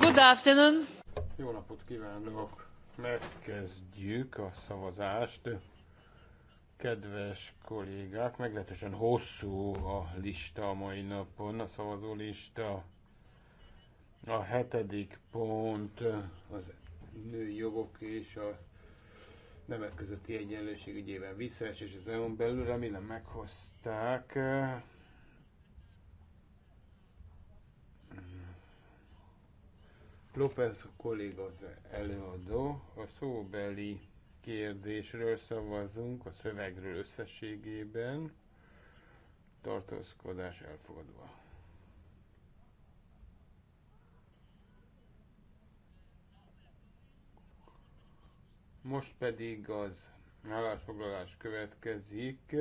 Good afternoon. Jó napot kívánok! Megkezdjük a szavazást. Kedves kollégák, meglehetősen hosszú a lista a mai napon, a szavazó lista. A hetedik pont az női jogok és a nemek közötti egyenlőség ügyében és az EU-n belül, remélem meghozták. López kolléga az előadó. A szóbeli kérdésről szavazunk, a szövegről összességében. Tartózkodás elfogadva. Most pedig az állásfoglalás következik.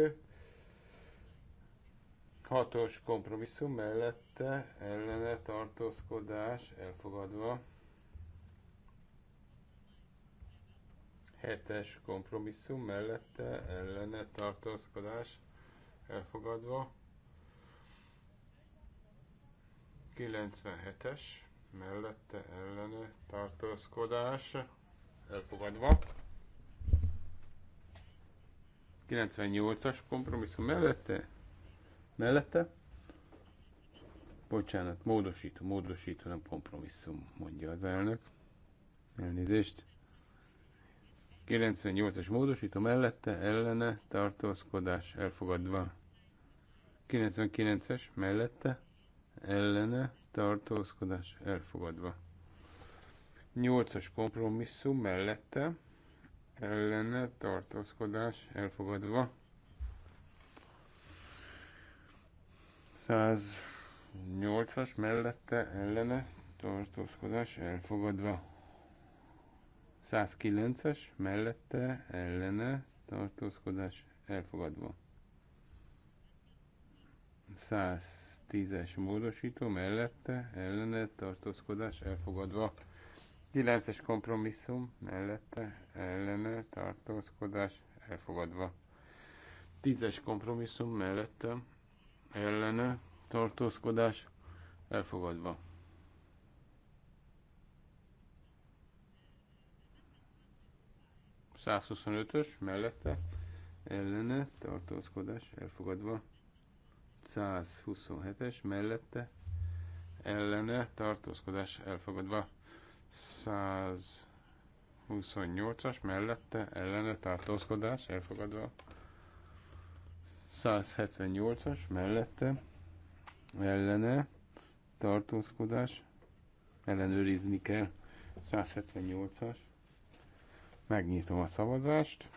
Hatos kompromisszum mellette ellene tartózkodás elfogadva. Hetes kompromisszum mellette ellene tartózkodás elfogadva. 97-es mellette ellene tartózkodás elfogadva. 98-as kompromisszum mellette Mellette? Bocsánat, módosító, módosító, nem kompromisszum, mondja az elnök. Elnézést. 98-as módosító mellette, ellene, tartózkodás elfogadva. 99-es mellette, ellene, tartózkodás elfogadva. 8-as kompromisszum mellette, ellene, tartózkodás elfogadva. 108-as mellette ellene tartózkodás elfogadva. 109-es mellette ellene tartózkodás elfogadva. 110-es módosító mellette ellene tartózkodás elfogadva. 9-es kompromisszum mellette ellene tartózkodás elfogadva. 10-es kompromisszum mellette ellene tartózkodás elfogadva. ös mellette ellene tartózkodás elfogadva. 127-es mellette ellene tartózkodás elfogadva. 128-as mellette ellene tartózkodás elfogadva. 178-as mellette ellene tartózkodás ellenőrizni kell 178-as megnyitom a szavazást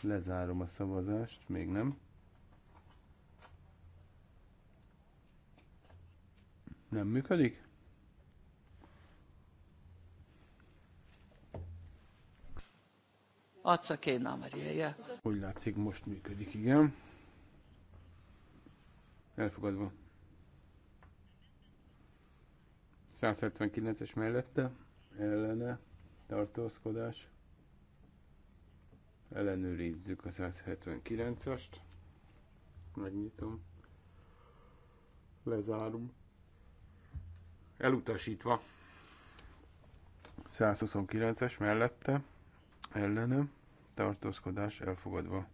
lezárom a szavazást még nem nem működik Atsa Kéna Mariaja. Úgy látszik, most működik, igen. Elfogadva. 179-es mellette, ellene, tartózkodás. Ellenőrizzük a 179-est. Megnyitom. Lezárom. Elutasítva. 129-es mellette ellene, tartózkodás elfogadva.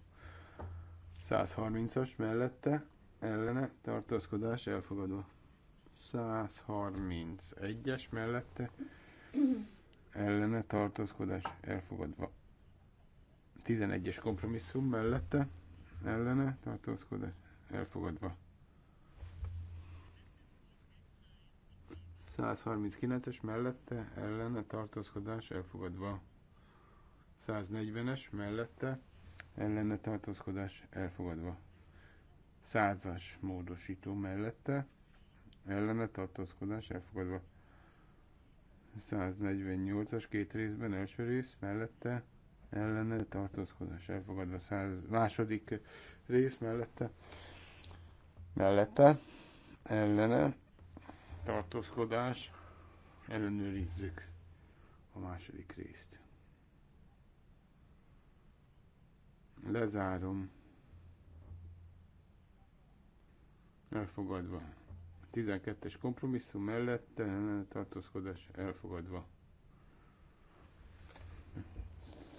130-as mellette, ellene, tartózkodás elfogadva. 131-es mellette, ellene, tartózkodás elfogadva. 11-es kompromisszum mellette, ellene, tartózkodás elfogadva. 139-es mellette, ellene, tartózkodás elfogadva. 140-es mellette ellene tartózkodás elfogadva. 100-as módosító mellette ellene tartózkodás elfogadva. 148-as két részben első rész mellette ellene tartózkodás elfogadva. 100 második rész mellette mellette ellene tartózkodás ellenőrizzük a második részt. Lezárom. Elfogadva. 12-es kompromisszum mellette tartózkodás elfogadva.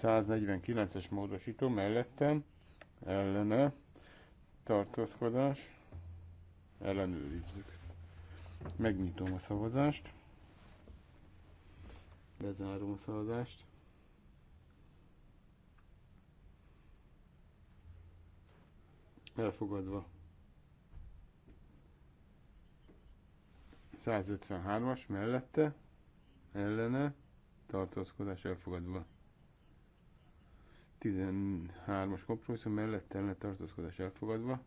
149-es módosító mellettem ellene tartózkodás ellenőrizzük. Megnyitom a szavazást. Bezárom a szavazást. elfogadva. 153-as mellette, ellene, tartózkodás elfogadva. 13-as kompromisszum mellette ellene tartózkodás elfogadva.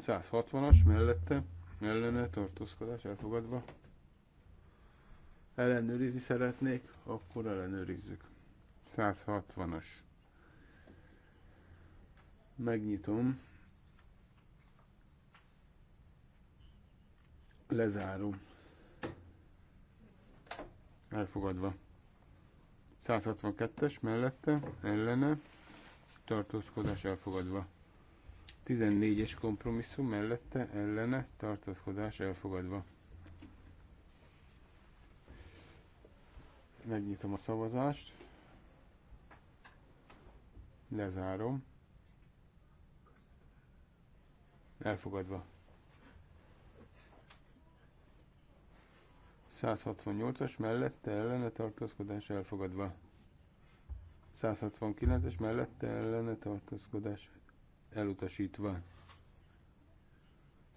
160-as mellette ellene tartózkodás elfogadva. Ellenőrizni szeretnék, akkor ellenőrizzük. 160-as. Megnyitom. Lezárom. Elfogadva. 162-es mellette, ellene, tartózkodás elfogadva. 14-es kompromisszum mellette, ellene, tartózkodás elfogadva. Megnyitom a szavazást. Lezárom. Elfogadva. 168-as mellette ellene tartózkodás elfogadva. 169-es mellette ellene tartózkodás elutasítva.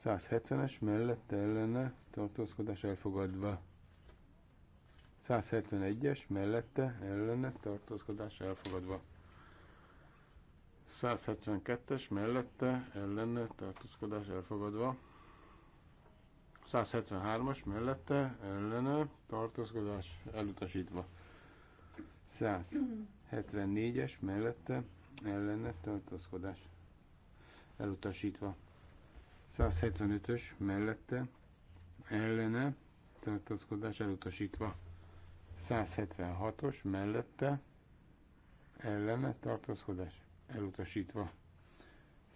170-es mellette ellene tartózkodás elfogadva. 171-es mellette ellene tartózkodás elfogadva. 172-es mellette ellene tartózkodás elfogadva. 173-as mellette ellene tartózkodás elutasítva. 174-es mellette ellene tartózkodás elutasítva. 175-ös mellette ellene tartózkodás elutasítva. 176-os mellette ellene tartózkodás elutasítva.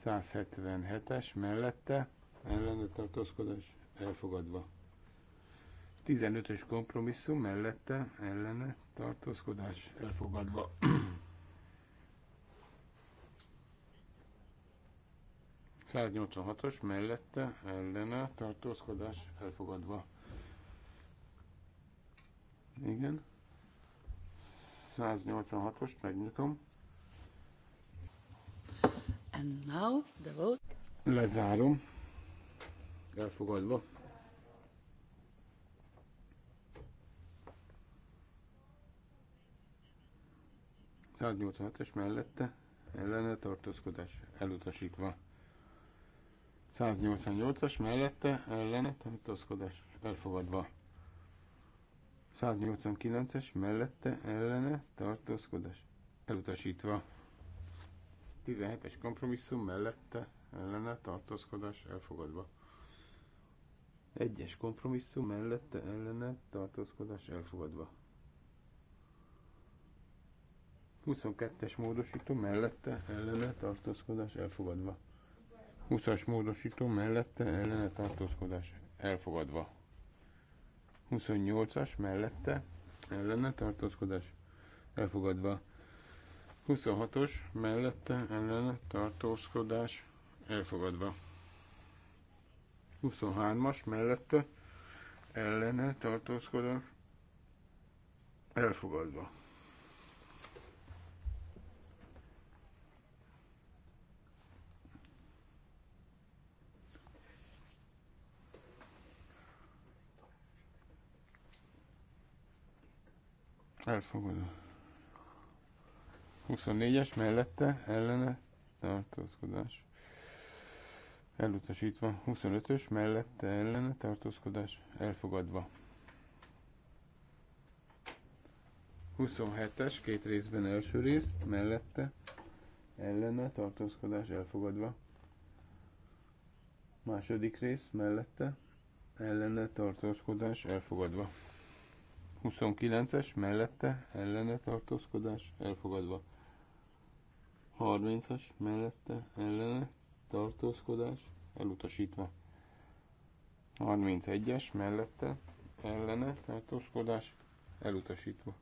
177-es mellette ellene tartózkodás elfogadva. 15-ös kompromisszum mellette ellene tartózkodás elfogadva. 186-os mellette ellene tartózkodás elfogadva. Igen. 186-ost megnyitom. And now the vote. Lezárom. Elfogadva. es mellette ellene tartózkodás elutasítva. 188-as mellette ellene tartózkodás elfogadva. 189-es mellette ellene tartózkodás elutasítva. 17-es kompromisszum mellette ellene tartózkodás elfogadva. Egyes kompromisszum mellette ellene tartózkodás elfogadva. 22-es módosító mellette ellene tartózkodás elfogadva. 20-as módosító mellette ellene tartózkodás elfogadva. 28-as mellette ellene tartózkodás elfogadva. 26-os mellette ellen tartózkodás elfogadva. 23-as mellette ellene tartózkodás elfogadva. Elfogadva. 24-es mellette ellene tartózkodás elutasítva. 25-ös mellette ellene tartózkodás elfogadva. 27-es két részben első rész mellette ellene tartózkodás elfogadva. Második rész mellette ellene tartózkodás elfogadva. 29-es mellette ellene tartózkodás elfogadva. 30-as mellette ellene tartózkodás elutasítva. 31-es mellette ellene tartózkodás elutasítva.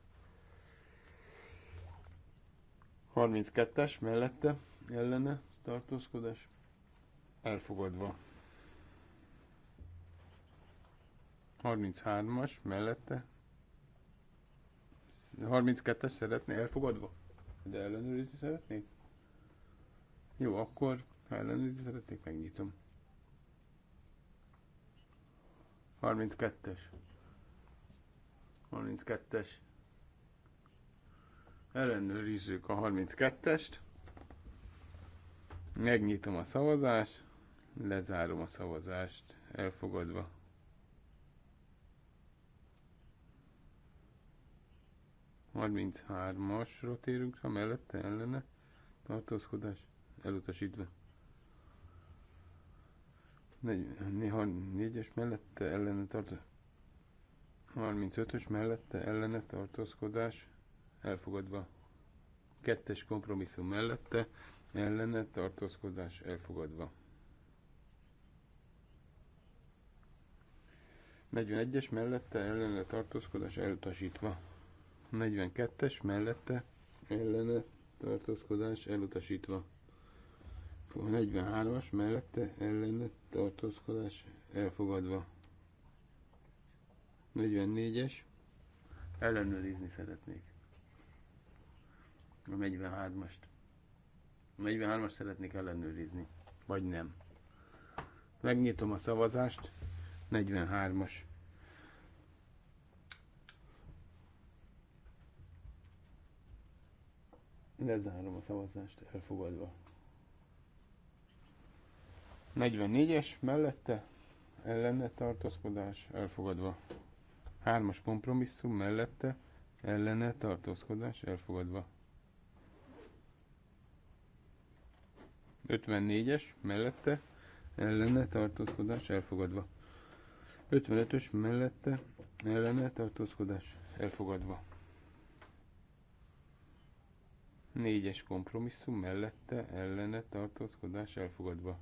32-es mellette ellene tartózkodás elfogadva. 33-as mellette 32-es szeretné elfogadva? De ellenőrizni szeretnék? Jó, akkor, ha ellenőrizni szeretnék, megnyitom. 32-es. 32-es. Ellenőrizzük a 32-est. Megnyitom a szavazást. Lezárom a szavazást. Elfogadva. Harminchármasra térünk rá, mellette ellene tartózkodás elutasítva. Néha négyes mellette ellene tartozkodás. 35-ös mellette ellene tartózkodás elfogadva. Kettes kompromisszum mellette ellene tartózkodás elfogadva. 41-es mellette ellene tartózkodás elutasítva. 42-es mellette ellene tartózkodás elutasítva. 43-as mellette ellene tartózkodás elfogadva. 44-es ellenőrizni szeretnék. A 43-ast. A 43 as szeretnék ellenőrizni. Vagy nem. Megnyitom a szavazást. 43-as. Lezárom a szavazást, elfogadva. 44-es mellette ellenne tartózkodás elfogadva. 3-as kompromisszum mellette ellene tartózkodás elfogadva. 54-es mellette ellene tartózkodás elfogadva. 55-ös mellette ellene tartózkodás elfogadva. 4-es kompromisszum mellette ellene tartózkodás elfogadva.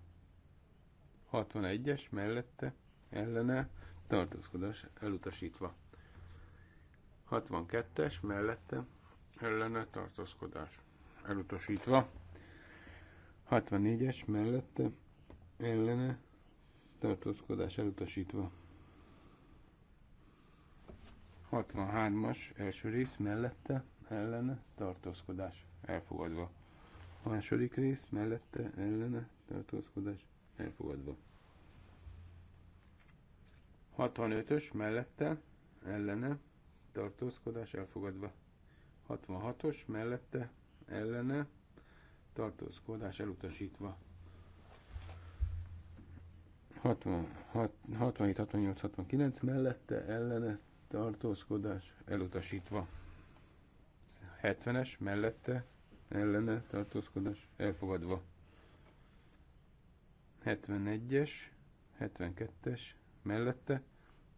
61-es mellette ellene tartózkodás elutasítva. 62-es mellette ellene tartózkodás elutasítva. 64-es mellette ellene tartózkodás elutasítva. 63-as első rész mellette ellene tartózkodás elfogadva. A második rész mellette ellene tartózkodás elfogadva. 65-ös mellette, ellene, tartózkodás elfogadva. 66-os mellette, ellene, tartózkodás elutasítva. 67, 68, 69 mellette, ellene, tartózkodás elutasítva. 70-es mellette, ellene, tartózkodás elfogadva. 71-es, 72-es, mellette,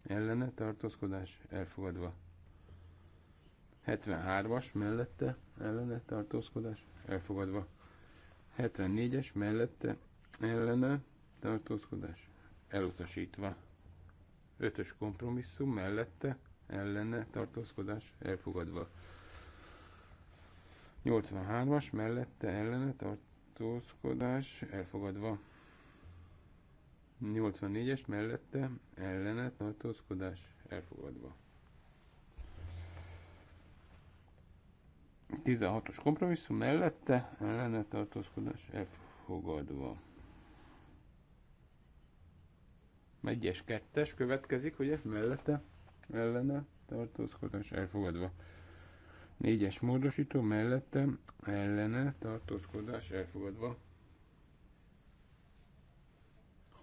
ellene, tartózkodás elfogadva. 73-as, mellette, ellene, tartózkodás elfogadva. 74-es, mellette, ellene, tartózkodás elutasítva. 5-ös kompromisszum, mellette, ellene, tartózkodás elfogadva. 83-as, mellette, ellene, tartózkodás elfogadva. 84-es mellette ellene tartózkodás elfogadva. 16-os kompromisszum mellette ellene tartózkodás elfogadva. Egyes, kettes következik, ugye? Mellette ellene tartózkodás elfogadva. Négyes módosító mellette ellene tartózkodás elfogadva.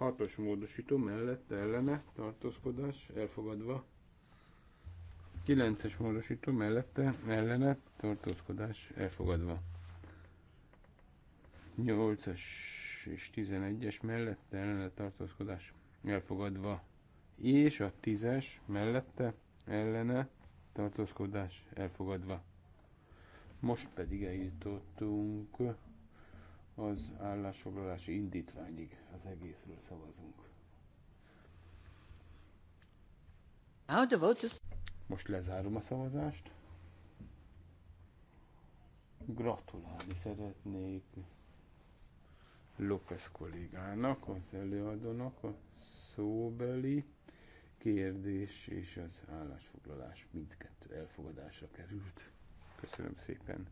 Hatos módosító mellette ellene tartózkodás elfogadva. Kilences módosító mellette ellene tartózkodás elfogadva. 8 es és 11-es mellette ellene tartózkodás elfogadva. És a 10-es mellette ellene tartózkodás elfogadva. Most pedig eljutottunk az állásfoglalási indítványig az egészről szavazunk. Most lezárom a szavazást. Gratulálni szeretnék López kollégának, az előadónak a szóbeli kérdés és az állásfoglalás mindkettő elfogadásra került. Köszönöm szépen!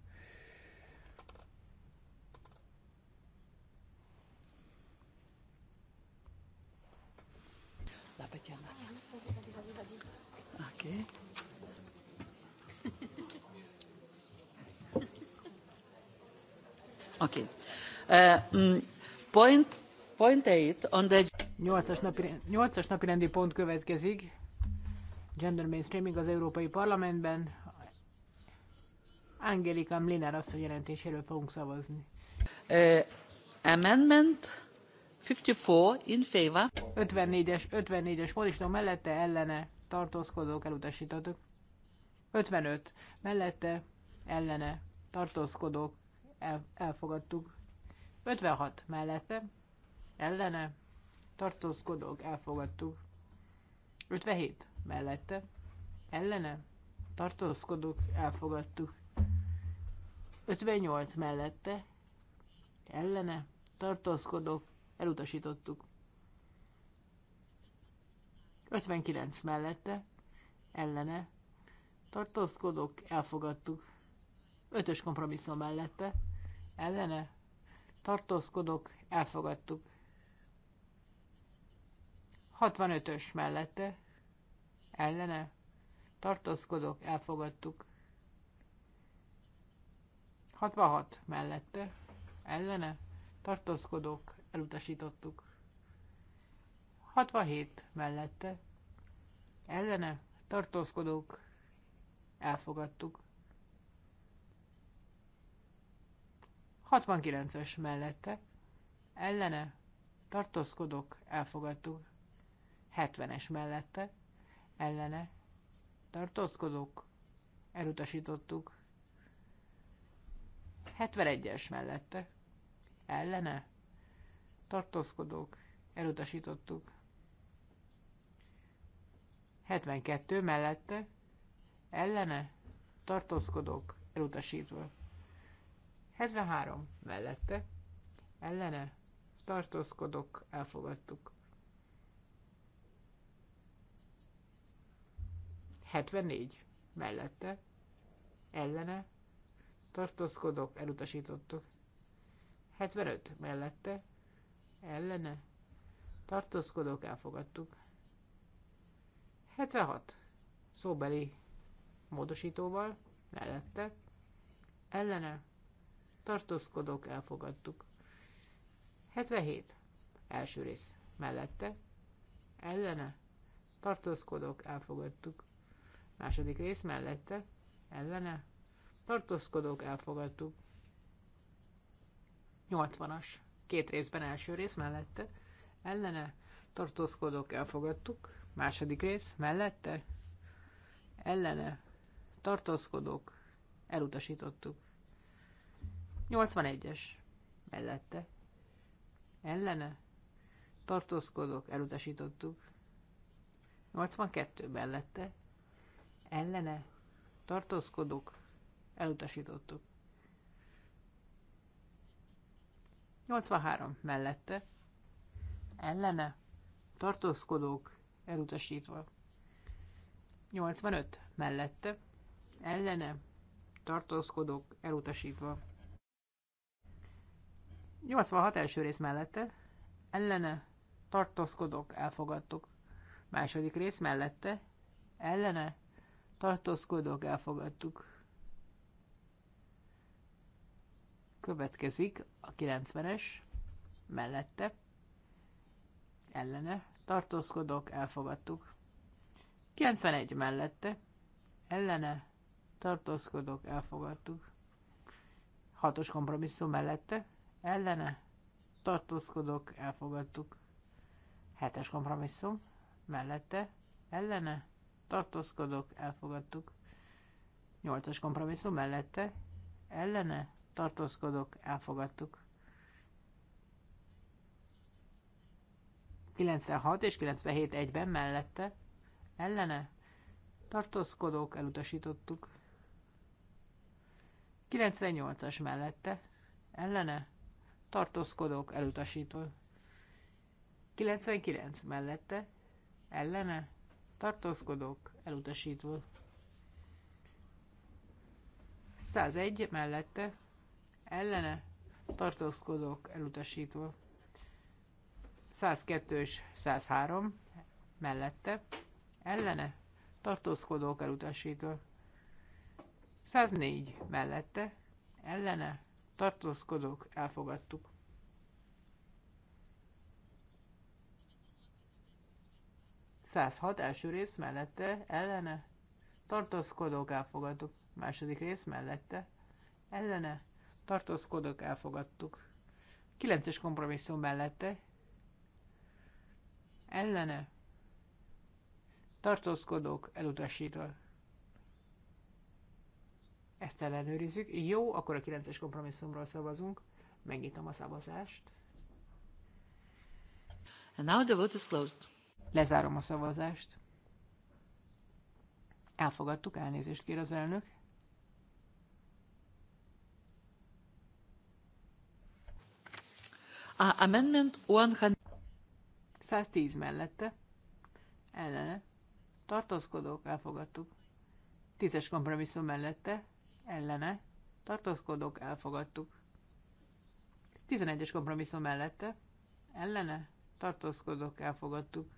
La Tatiana. Ok. Okay. Uh, point, point eight on the... Nyolcas napi, nyolcas napi rendi pont következik. Gender mainstreaming az Európai Parlamentben. Angelika Mlinár asszony jelentéséről fogunk szavazni. Uh, amendment 54 in favor. 54-es, 54-es Morisno mellette ellene tartózkodók elutasítottuk. 55 mellette ellene tartózkodók el, elfogadtuk. 56 mellette ellene tartózkodók elfogadtuk. 57 mellette ellene tartózkodók elfogadtuk. 58 mellette ellene tartózkodók elutasítottuk. 59 mellette, ellene, tartózkodok, elfogadtuk. 5-ös kompromisszum mellette, ellene, tartózkodok, elfogadtuk. 65-ös mellette, ellene, tartózkodok, elfogadtuk. 66 mellette, ellene, tartózkodok, elutasítottuk. 67 mellette, ellene, tartózkodók, elfogadtuk. 69-es mellette, ellene, tartózkodók, elfogadtuk. 70-es mellette, ellene, tartózkodók, elutasítottuk. 71-es mellette, ellene, tartózkodók, elutasítottuk. 72 mellette, ellene, tartózkodók, elutasítva. 73 mellette, ellene, tartózkodók, elfogadtuk. 74 mellette, ellene, tartózkodók, elutasítottuk. 75 mellette, ellene, tartózkodók elfogadtuk. 76 szóbeli módosítóval, mellette, ellene, tartózkodók elfogadtuk. 77 első rész, mellette, ellene, tartózkodók elfogadtuk. Második rész, mellette, ellene, tartózkodók elfogadtuk. 80-as két részben első rész mellette, ellene, tartózkodók elfogadtuk, második rész mellette, ellene, tartózkodók elutasítottuk. 81-es mellette, ellene, tartózkodók elutasítottuk. 82 mellette, ellene, tartózkodók elutasítottuk. 83 mellette, ellene, tartózkodók, elutasítva. 85 mellette, ellene, tartózkodók, elutasítva. 86 első rész mellette, ellene, tartózkodók, elfogadtuk. Második rész mellette, ellene, tartózkodók, elfogadtuk. Következik a 90-es mellette, ellene, tartózkodok, elfogadtuk. 91 mellette, ellene, tartózkodok, elfogadtuk. 6-os kompromisszum mellette, ellene, tartózkodok, elfogadtuk. 7-es kompromisszum mellette, ellene, tartózkodok, elfogadtuk. 8-as kompromisszum mellette, ellene, tartózkodok, elfogadtuk. 96 és 97 egyben mellette, ellene, tartózkodók, elutasítottuk. 98-as mellette, ellene, tartózkodók, elutasítva. 99 mellette, ellene, tartózkodók, elutasítva. 101 mellette, ellene tartózkodók elutasító 102 és 103 mellette ellene tartózkodók elutasító 104 mellette ellene tartózkodók elfogadtuk. Százhat első rész mellette ellene tartózkodók elfogadtuk. Második rész mellette ellene tartózkodok, elfogadtuk. Kilences kompromisszum mellette, ellene, tartózkodok, elutasítva. Ezt ellenőrizzük. Jó, akkor a 9-es kompromisszumról szavazunk. Megnyitom a szavazást. And now the vote is closed. Lezárom a szavazást. Elfogadtuk, elnézést kér az elnök. A amendment 110 mellette. Ellene. Tartózkodók elfogadtuk. Tízes kompromisszum mellette. Ellene. Tartózkodók elfogadtuk. 11-es kompromisszum mellette. Ellene. Tartózkodók elfogadtuk.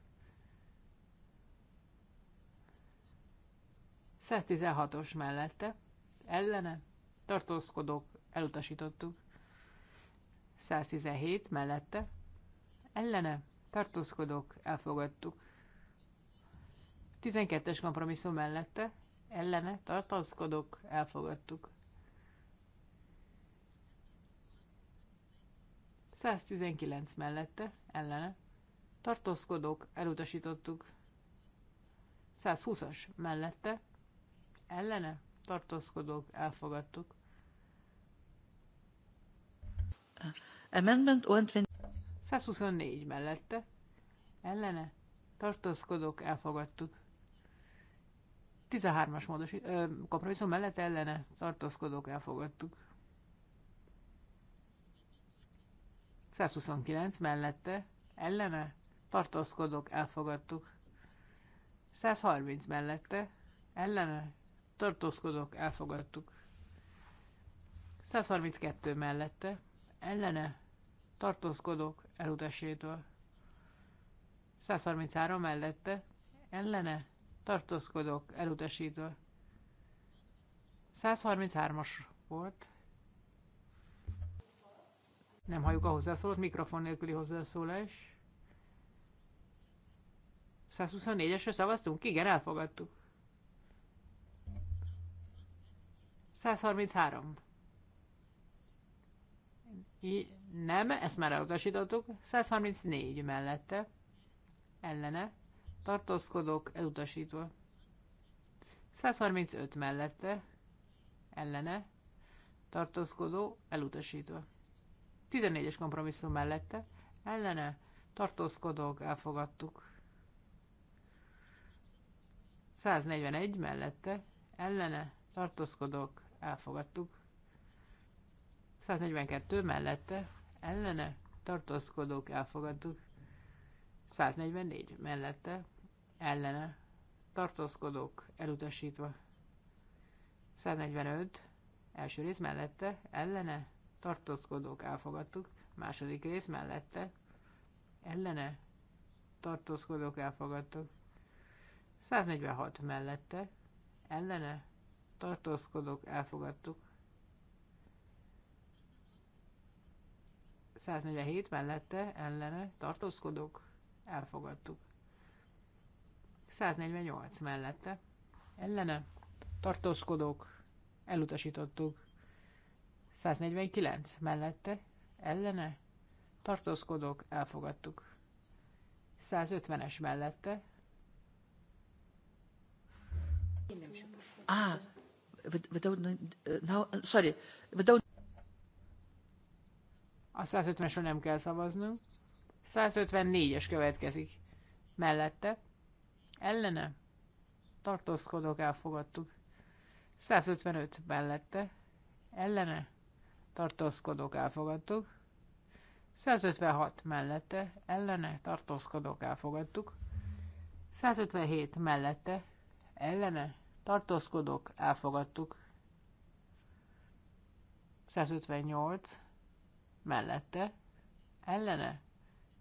116-os mellette. Ellene. Tartózkodók elutasítottuk. 117 mellette, ellene, tartózkodók, elfogadtuk. 12-es kompromisszum mellette, ellene, tartózkodók, elfogadtuk. 119 mellette, ellene, tartózkodók, elutasítottuk. 120-as mellette, ellene, tartózkodók, elfogadtuk. Amendment 124 mellette. Ellene. Tartózkodok, elfogadtuk. 13-as módos kompromisszum mellett ellene tartózkodók elfogadtuk. 129 mellette ellene tartózkodók elfogadtuk. 130 mellette ellene tartózkodók elfogadtuk. 132 mellette ellene tartózkodok elutasítva. 133 mellette ellene tartózkodok elutasítva. 133-as volt. Nem halljuk a hozzászólót, mikrofon nélküli hozzászólás. 124-esre szavaztunk? Igen, elfogadtuk. 133 nem, ezt már elutasítottuk. 134 mellette, ellene, tartózkodok, elutasítva. 135 mellette, ellene, tartózkodó, elutasítva. 14-es kompromisszum mellette, ellene, tartózkodók, elfogadtuk. 141 mellette, ellene, tartózkodók, elfogadtuk. 142 mellette ellene tartózkodók elfogadtuk. 144 mellette ellene tartózkodók elutasítva. 145 első rész mellette ellene tartózkodók elfogadtuk. Második rész mellette ellene tartózkodók elfogadtuk. 146 mellette ellene tartózkodók elfogadtuk. 147 mellette ellene tartózkodók elfogadtuk. 148 mellette ellene tartózkodók elutasítottuk. 149 mellette ellene tartózkodók elfogadtuk. 150-es mellette. Ah, without, uh, now, sorry, without a 150-esről nem kell szavaznunk. 154-es következik. Mellette. Ellene. Tartózkodok, elfogadtuk. 155 mellette. Ellene. Tartózkodok, elfogadtuk. 156 mellette. Ellene. Tartózkodok, elfogadtuk. 157 mellette. Ellene. Tartózkodok, elfogadtuk. 158 mellette, ellene,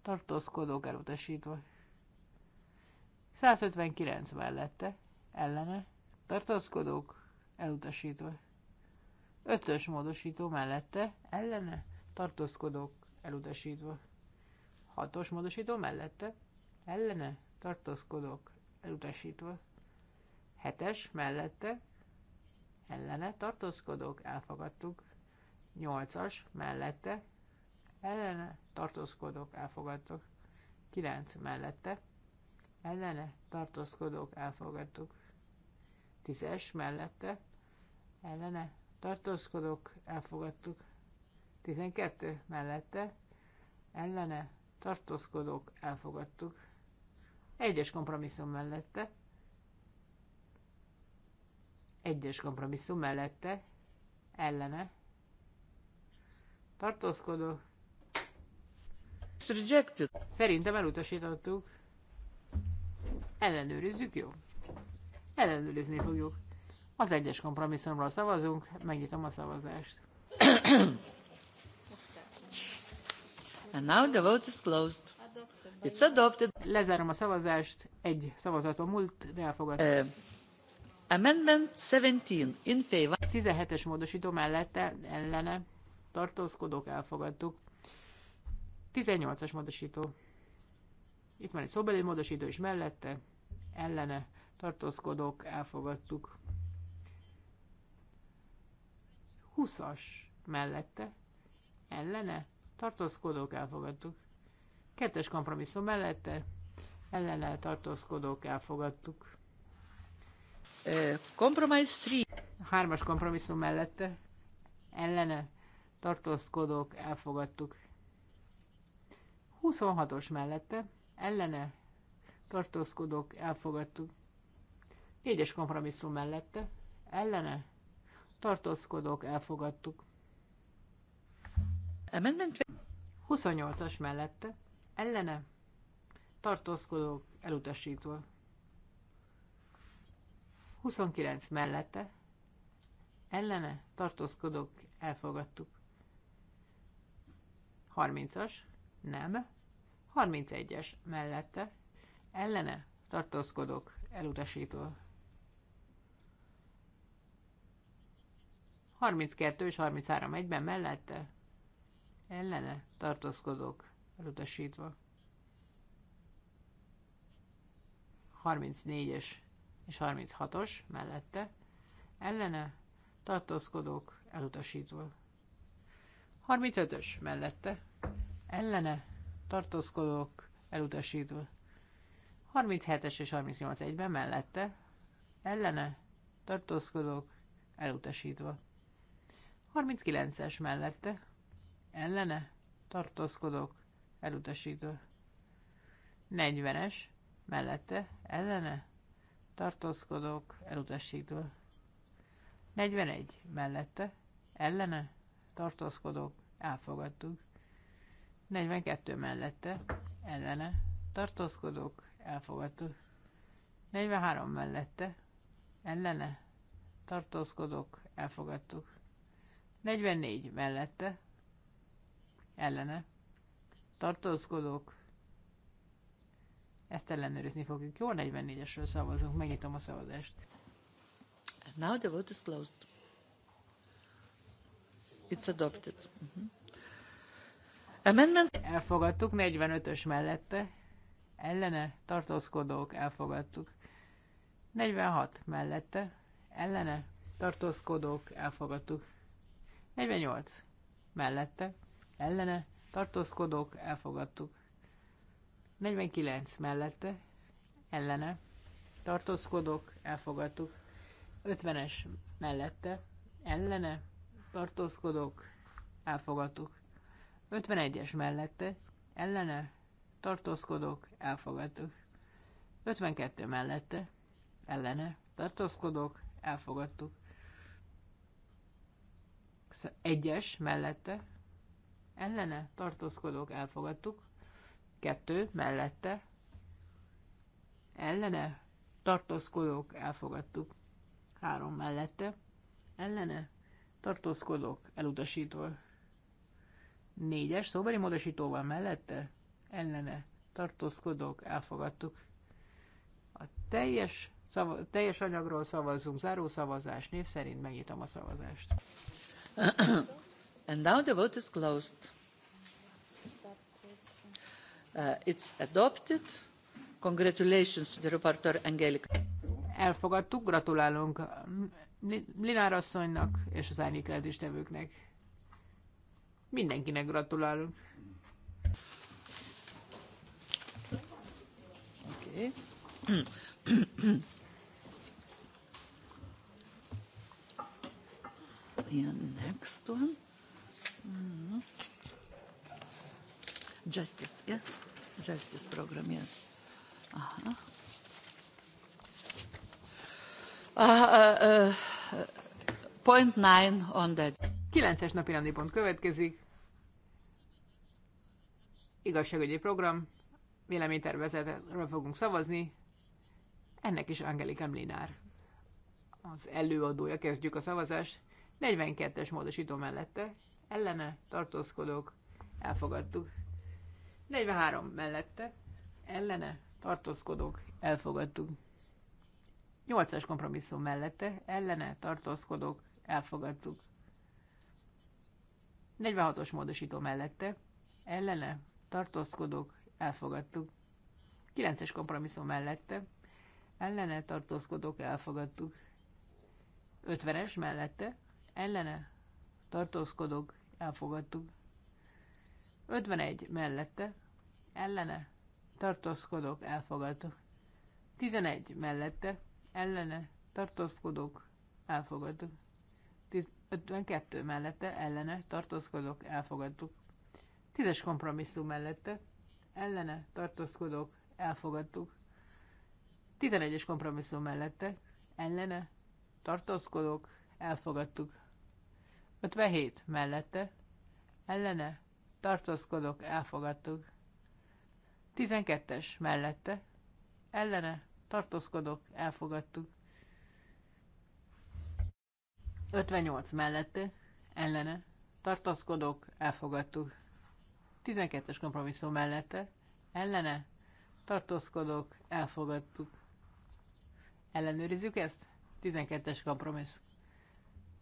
tartózkodó elutasítva. 159 mellette, ellene, tartózkodók elutasítva. 5-ös módosító mellette, ellene, tartózkodók elutasítva. 6-os módosító mellette, ellene, tartózkodók elutasítva. 7-es mellette, ellene, tartózkodók elfogadtuk. 8-as mellette, ellene tartózkodók elfogadtuk. 9 mellette ellene tartózkodók elfogadtuk. 10-es mellette ellene tartózkodók elfogadtuk. 12 mellette ellene tartózkodók elfogadtuk. Egyes kompromisszum mellette egyes kompromisszum mellette ellene tartózkodók Szerintem elutasítottuk. Ellenőrizzük, jó? Ellenőrizni fogjuk. Az egyes kompromisszumról szavazunk, megnyitom a szavazást. And now the vote is closed. It's adopted. Lezárom a szavazást, egy szavazaton múlt, de elfogadtuk. Uh, amendment 17 in favor. 17-es módosító mellette, ellene tartózkodók elfogadtuk. 18-as módosító. Itt van egy szóbeli módosító is mellette, ellene tartózkodók, elfogadtuk. 20-as mellette, ellene tartózkodók, elfogadtuk. Kettes kompromisszum mellette, ellene tartózkodók, elfogadtuk. Kompromiss 3. Hármas kompromisszum mellette, ellene tartózkodók, elfogadtuk. 26-os mellette ellene tartózkodók elfogadtuk. 4 kompromisszum mellette ellene tartózkodók elfogadtuk. Amendment 28-as mellette ellene tartózkodók elutasítva. 29 mellette ellene tartózkodók elfogadtuk. 30-as nem. 31-es mellette. Ellene tartózkodok, elutasító. 32 és 33 egyben mellette. Ellene tartózkodok, elutasítva. 34-es és 36-os mellette. Ellene tartózkodok, elutasítva. 35-ös mellette ellene tartózkodók elutasítva. 37-es és 38 egyben mellette ellene tartózkodók elutasítva. 39-es mellette ellene tartózkodók elutasítva. 40-es mellette ellene tartózkodók elutasítva. 41 mellette ellene tartózkodók elfogadtuk. 42 mellette, ellene, tartózkodók, elfogadtuk. 43 mellette, ellene, tartózkodók, elfogadtuk. 44 mellette, ellene, tartózkodók, ezt ellenőrizni fogjuk. Jó, 44-esről szavazunk, megnyitom a szavazást. And now the vote is closed. It's adopted. Mm-hmm. Amendment. Elfogadtuk, 45-ös mellette. Ellene tartózkodók, elfogadtuk. 46 mellette. Ellene tartózkodók, elfogadtuk. 48 mellette. Ellene tartózkodók, elfogadtuk. 49 mellette. Ellene tartózkodók, elfogadtuk. 50-es mellette. Ellene tartózkodók, elfogadtuk. 51-es mellette, ellene, tartózkodok, elfogadtuk. 52 mellette, ellene, tartózkodok, elfogadtuk. 1-es mellette, ellene, tartózkodok, elfogadtuk. 2 mellette, ellene, tartózkodok, elfogadtuk. 3 mellette, ellene, tartózkodok, elutasítva. Négyes szóbeli módosítóval mellette ellene tartózkodók elfogadtuk. A teljes, szava, teljes anyagról szavazzunk, szavazás, név szerint megnyitom a szavazást. And now the vote is closed. Uh, it's adopted. Congratulations to the reporter Angelica. Elfogadtuk, gratulálunk Linár asszonynak és az tevőknek. Mindenkinek gratulálunk. Oké. Okay. Ilyen next one. Mhm. Justice, yes? Justice program, yes. Aha. Uh, uh, uh, point nine on that. 9-es napi rendi pont következik. Igazságügyi program. Véleménytervezetről fogunk szavazni. Ennek is Angelika Mlinár. Az előadója kezdjük a szavazást. 42-es módosító mellette. Ellene tartózkodok. Elfogadtuk. 43 mellette. Ellene tartózkodok. Elfogadtuk. 8-as kompromisszum mellette. Ellene tartózkodok. Elfogadtuk. 46-os módosító mellette, ellene, tartózkodok, elfogadtuk. 9-es kompromisszum mellette, ellene, tartózkodok, elfogadtuk. 50-es mellette, ellene, tartózkodok, elfogadtuk. 51 mellette, ellene, tartózkodok, elfogadtuk. 11 mellette, ellene, tartózkodok, elfogadtuk. 52 mellette ellene tartózkodok, elfogadtuk. 10-es kompromisszum mellette ellene tartózkodok, elfogadtuk. 11-es kompromisszum mellette ellene tartózkodok, elfogadtuk. 57 mellette ellene tartózkodok, elfogadtuk. 12-es mellette ellene tartózkodok, elfogadtuk. 58 mellette, ellene, tartózkodók, elfogadtuk. 12-es kompromisszum mellette, ellene, tartózkodók, elfogadtuk. Ellenőrizzük ezt? 12-es kompromisszum.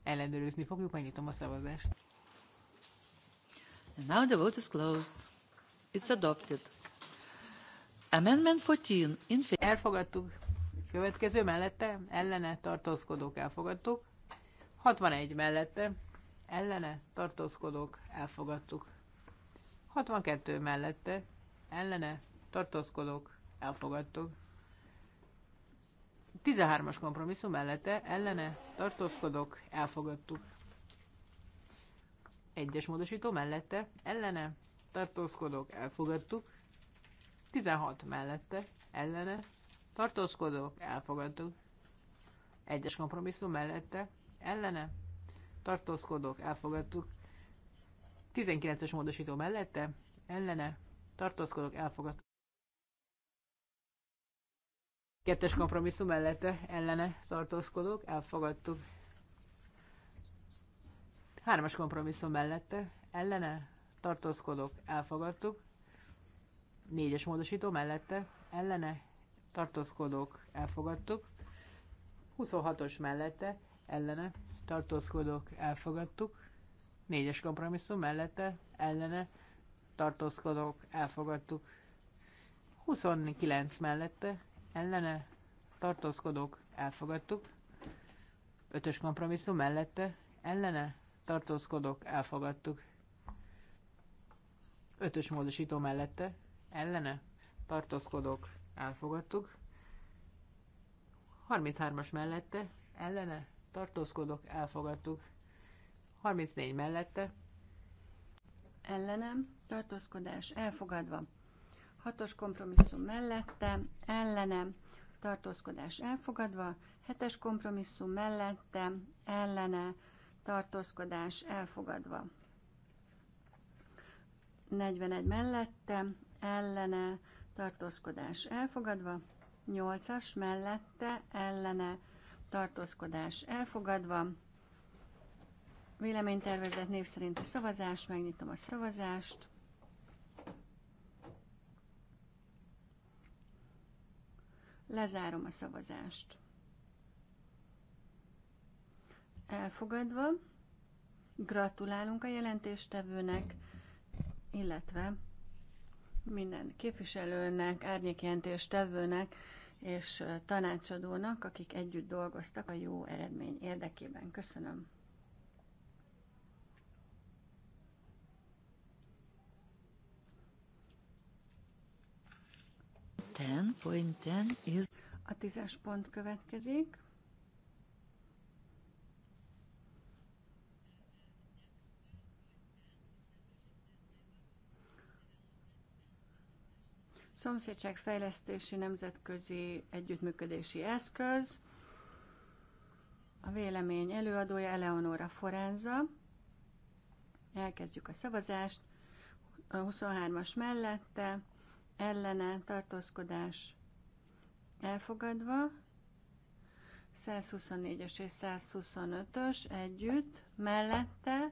Ellenőrizni fogjuk, megnyitom a szavazást. And now the vote is closed. It's adopted. Amendment 14 in Elfogadtuk. Következő mellette ellene tartózkodók elfogadtuk. 61 mellette, ellene, tartózkodók, elfogadtuk. 62 mellette, ellene, tartózkodók, elfogadtuk. 13-as kompromisszum mellette, ellene, tartózkodók, elfogadtuk. Egyes módosító mellette, ellene, tartózkodók, elfogadtuk. 16 mellette, ellene, tartózkodók, elfogadtuk. Egyes kompromisszum mellette, ellene, tartózkodók, elfogadtuk. 19-es módosító mellette, ellene, tartózkodók, elfogadtuk. Kettes kompromisszum mellette, ellene, tartózkodók, elfogadtuk. Hármas kompromisszum mellette, ellene, tartózkodók, elfogadtuk. Négyes módosító mellette, ellene, tartózkodók, elfogadtuk. 26-os mellette, ellene, tartózkodók elfogadtuk. Négyes kompromisszum mellette, ellene, tartózkodók elfogadtuk. 29 mellette, ellene, tartózkodók elfogadtuk. Ötös kompromisszum mellette, ellene, tartózkodók elfogadtuk. Ötös módosító mellette, ellene, tartózkodók elfogadtuk. 33-as mellette, ellene, tartózkodok, elfogadtuk. 34 mellette. Ellenem, tartózkodás, elfogadva. Hatos kompromisszum mellette, ellenem, tartózkodás elfogadva, hetes kompromisszum mellette, ellene, tartózkodás elfogadva. 41 mellette, ellene, tartózkodás elfogadva, 8-as mellette, ellene, tartózkodás elfogadva. Véleménytervezet név a szavazás, megnyitom a szavazást. Lezárom a szavazást. Elfogadva. Gratulálunk a jelentéstevőnek, illetve minden képviselőnek, árnyékjelentéstevőnek, tevőnek, és tanácsadónak, akik együtt dolgoztak a jó eredmény érdekében. Köszönöm. Ten point ten is... A tízes pont következik. Szomszédságfejlesztési nemzetközi együttműködési eszköz. A vélemény előadója Eleonora Forenza. Elkezdjük a szavazást. A 23-as mellette, ellene, tartózkodás elfogadva. 124-es és 125-ös együtt, mellette,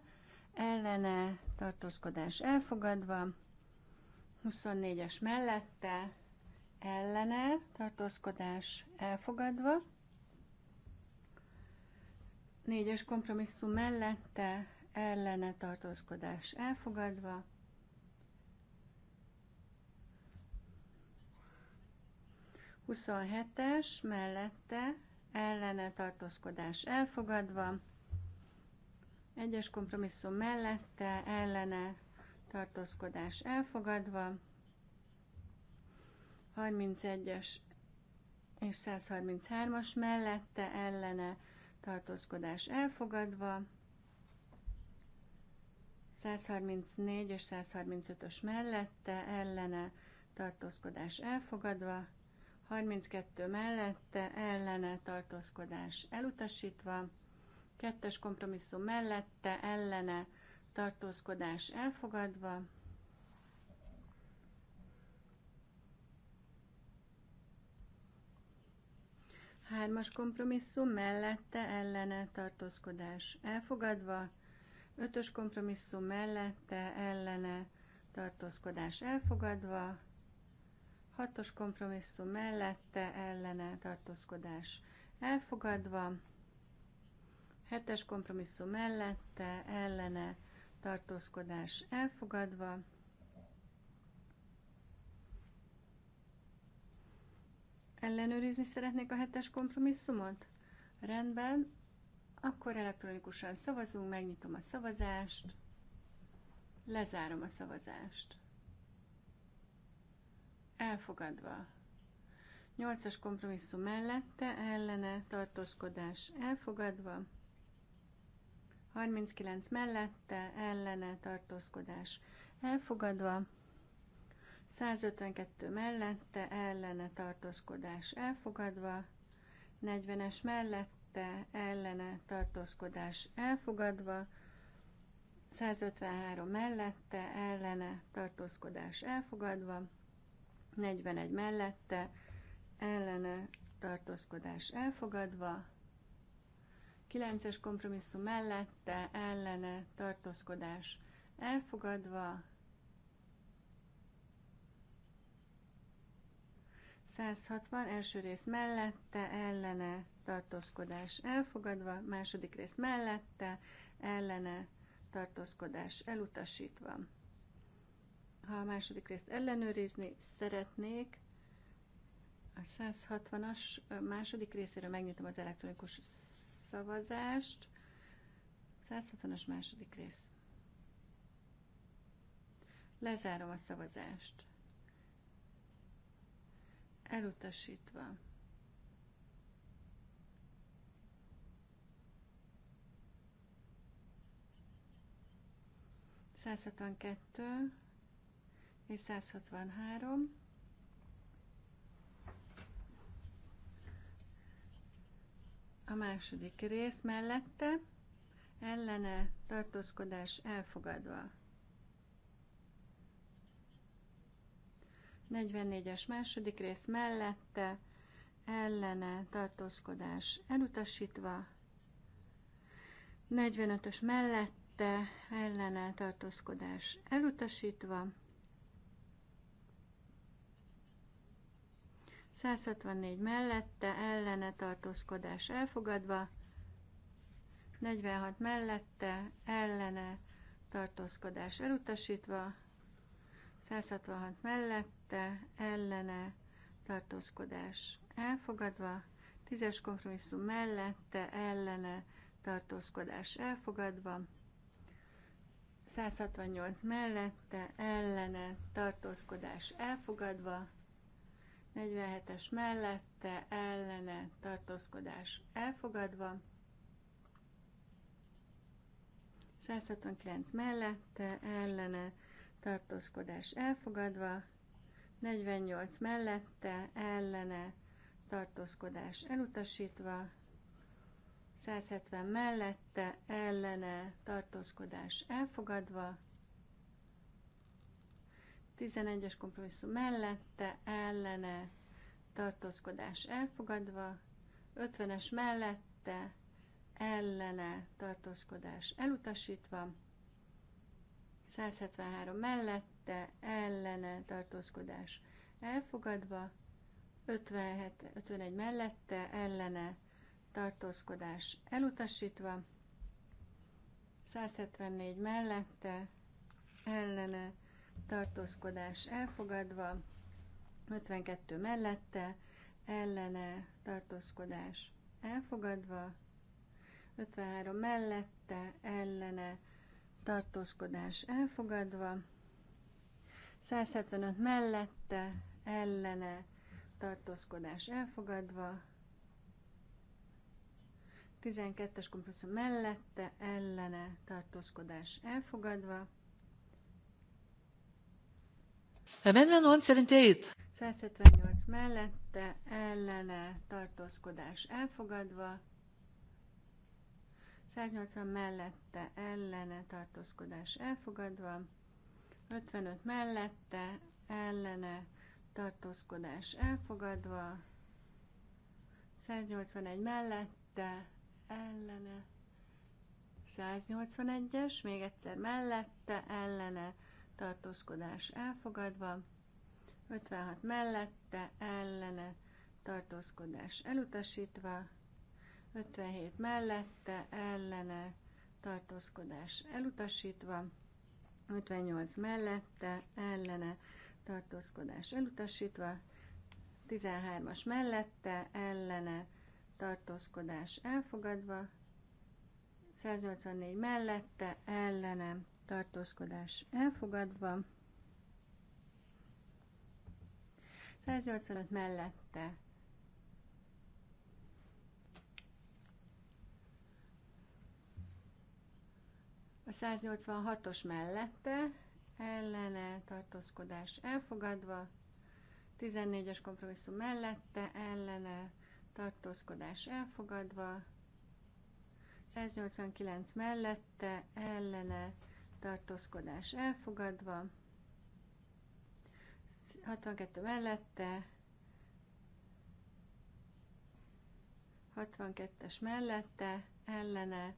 ellene, tartózkodás elfogadva. 24-es mellette ellene tartózkodás elfogadva. 4-es kompromisszum mellette ellene tartózkodás elfogadva. 27-es mellette ellene tartózkodás elfogadva, 1-es kompromisszum mellette ellene tartózkodás elfogadva, 31-es és 133-as mellette ellene tartózkodás elfogadva, 134 és 135-ös mellette ellene tartózkodás elfogadva, 32 mellette ellene tartózkodás elutasítva, kettes kompromisszum mellette ellene tartózkodás elfogadva, hármas kompromisszum mellette ellene tartózkodás elfogadva, ötös kompromisszum mellette ellene tartózkodás elfogadva, hatos kompromisszum mellette ellene tartózkodás elfogadva, hetes kompromisszum mellette ellene tartózkodás elfogadva, Ellenőrizni szeretnék a hetes kompromisszumot? Rendben, akkor elektronikusan szavazunk, megnyitom a szavazást, lezárom a szavazást. Elfogadva. Nyolcas kompromisszum mellette, ellene, tartózkodás elfogadva. 39 mellette, ellene tartózkodás elfogadva, 152 mellette, ellene tartózkodás elfogadva, 40-es mellette, ellene tartózkodás elfogadva, 153 mellette, ellene tartózkodás elfogadva, 41 mellette, ellene tartózkodás elfogadva, 9-es kompromisszum mellette, ellene, tartózkodás elfogadva, 160 első rész mellette, ellene, tartózkodás elfogadva, második rész mellette, ellene, tartózkodás elutasítva. Ha a második részt ellenőrizni szeretnék, a 160-as második részéről megnyitom az elektronikus szavazást. 160-as második rész. Lezárom a szavazást. Elutasítva. Százhatvankettő és 163 A második rész mellette ellene tartózkodás elfogadva. 44-es második rész mellette ellene tartózkodás elutasítva. 45-ös mellette ellene tartózkodás elutasítva. 164 mellette, ellene tartózkodás elfogadva, 46 mellette, ellene tartózkodás elutasítva, 166 mellette, ellene tartózkodás elfogadva, 10-es kompromisszum mellette, ellene tartózkodás elfogadva, 168 mellette, ellene tartózkodás elfogadva, 47-es mellette ellene tartózkodás elfogadva, 169 mellette ellene tartózkodás elfogadva, 48 mellette ellene tartózkodás elutasítva, 170 mellette ellene tartózkodás elfogadva, 11-es kompromisszum mellette, ellene, tartózkodás elfogadva, 50-es mellette, ellene, tartózkodás elutasítva, 173 mellette, ellene, tartózkodás elfogadva, 57, 51 mellette, ellene, tartózkodás elutasítva, 174 mellette, ellene, tartózkodás elfogadva, 52 mellette, ellene, tartózkodás elfogadva, 53 mellette, ellene, tartózkodás elfogadva, 175 mellette, ellene, tartózkodás elfogadva, 12-es kompromisszum mellette, ellene, tartózkodás elfogadva, Amendment 178. 178 mellette, ellene, tartózkodás elfogadva. 180 mellette, ellene, tartózkodás elfogadva. 55 mellette, ellene, tartózkodás elfogadva. 181 mellette, ellene. 181-es, még egyszer mellette, ellene, tartózkodás elfogadva, 56 mellette, ellene, tartózkodás elutasítva, 57 mellette, ellene, tartózkodás elutasítva, 58 mellette, ellene, tartózkodás elutasítva, 13-as mellette, ellene, tartózkodás elfogadva, 184 mellette, ellene, tartózkodás elfogadva. 185 mellette A 186-os mellette ellene tartózkodás elfogadva, 14-es kompromisszum mellette ellene tartózkodás elfogadva, 189 mellette ellene tartózkodás elfogadva, 62 mellette, 62-es mellette, ellene,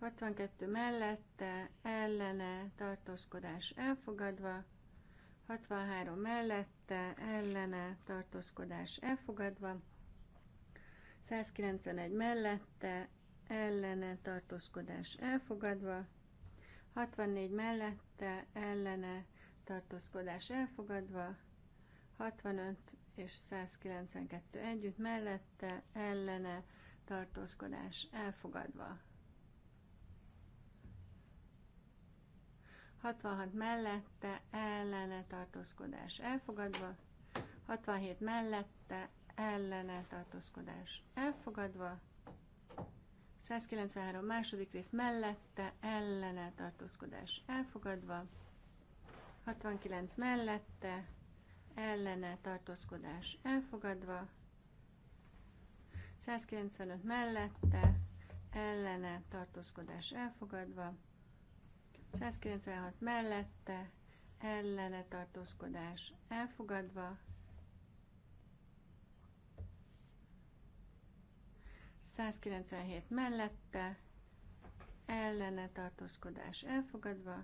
Hatvankettő mellette, ellene, tartózkodás elfogadva, 63 mellette, ellene, tartózkodás elfogadva, 191 mellette, ellene tartózkodás elfogadva, 64 mellette, ellene tartózkodás elfogadva, 65 és 192 együtt mellette, ellene tartózkodás elfogadva. 66 mellette, ellene tartózkodás elfogadva, 67 mellette, ellene tartózkodás elfogadva, 193 második rész mellette ellene tartózkodás elfogadva, 69 mellette ellene tartózkodás elfogadva, 195 mellette ellene tartózkodás elfogadva, 196 mellette ellene tartózkodás elfogadva, 197 mellette, ellene tartózkodás elfogadva,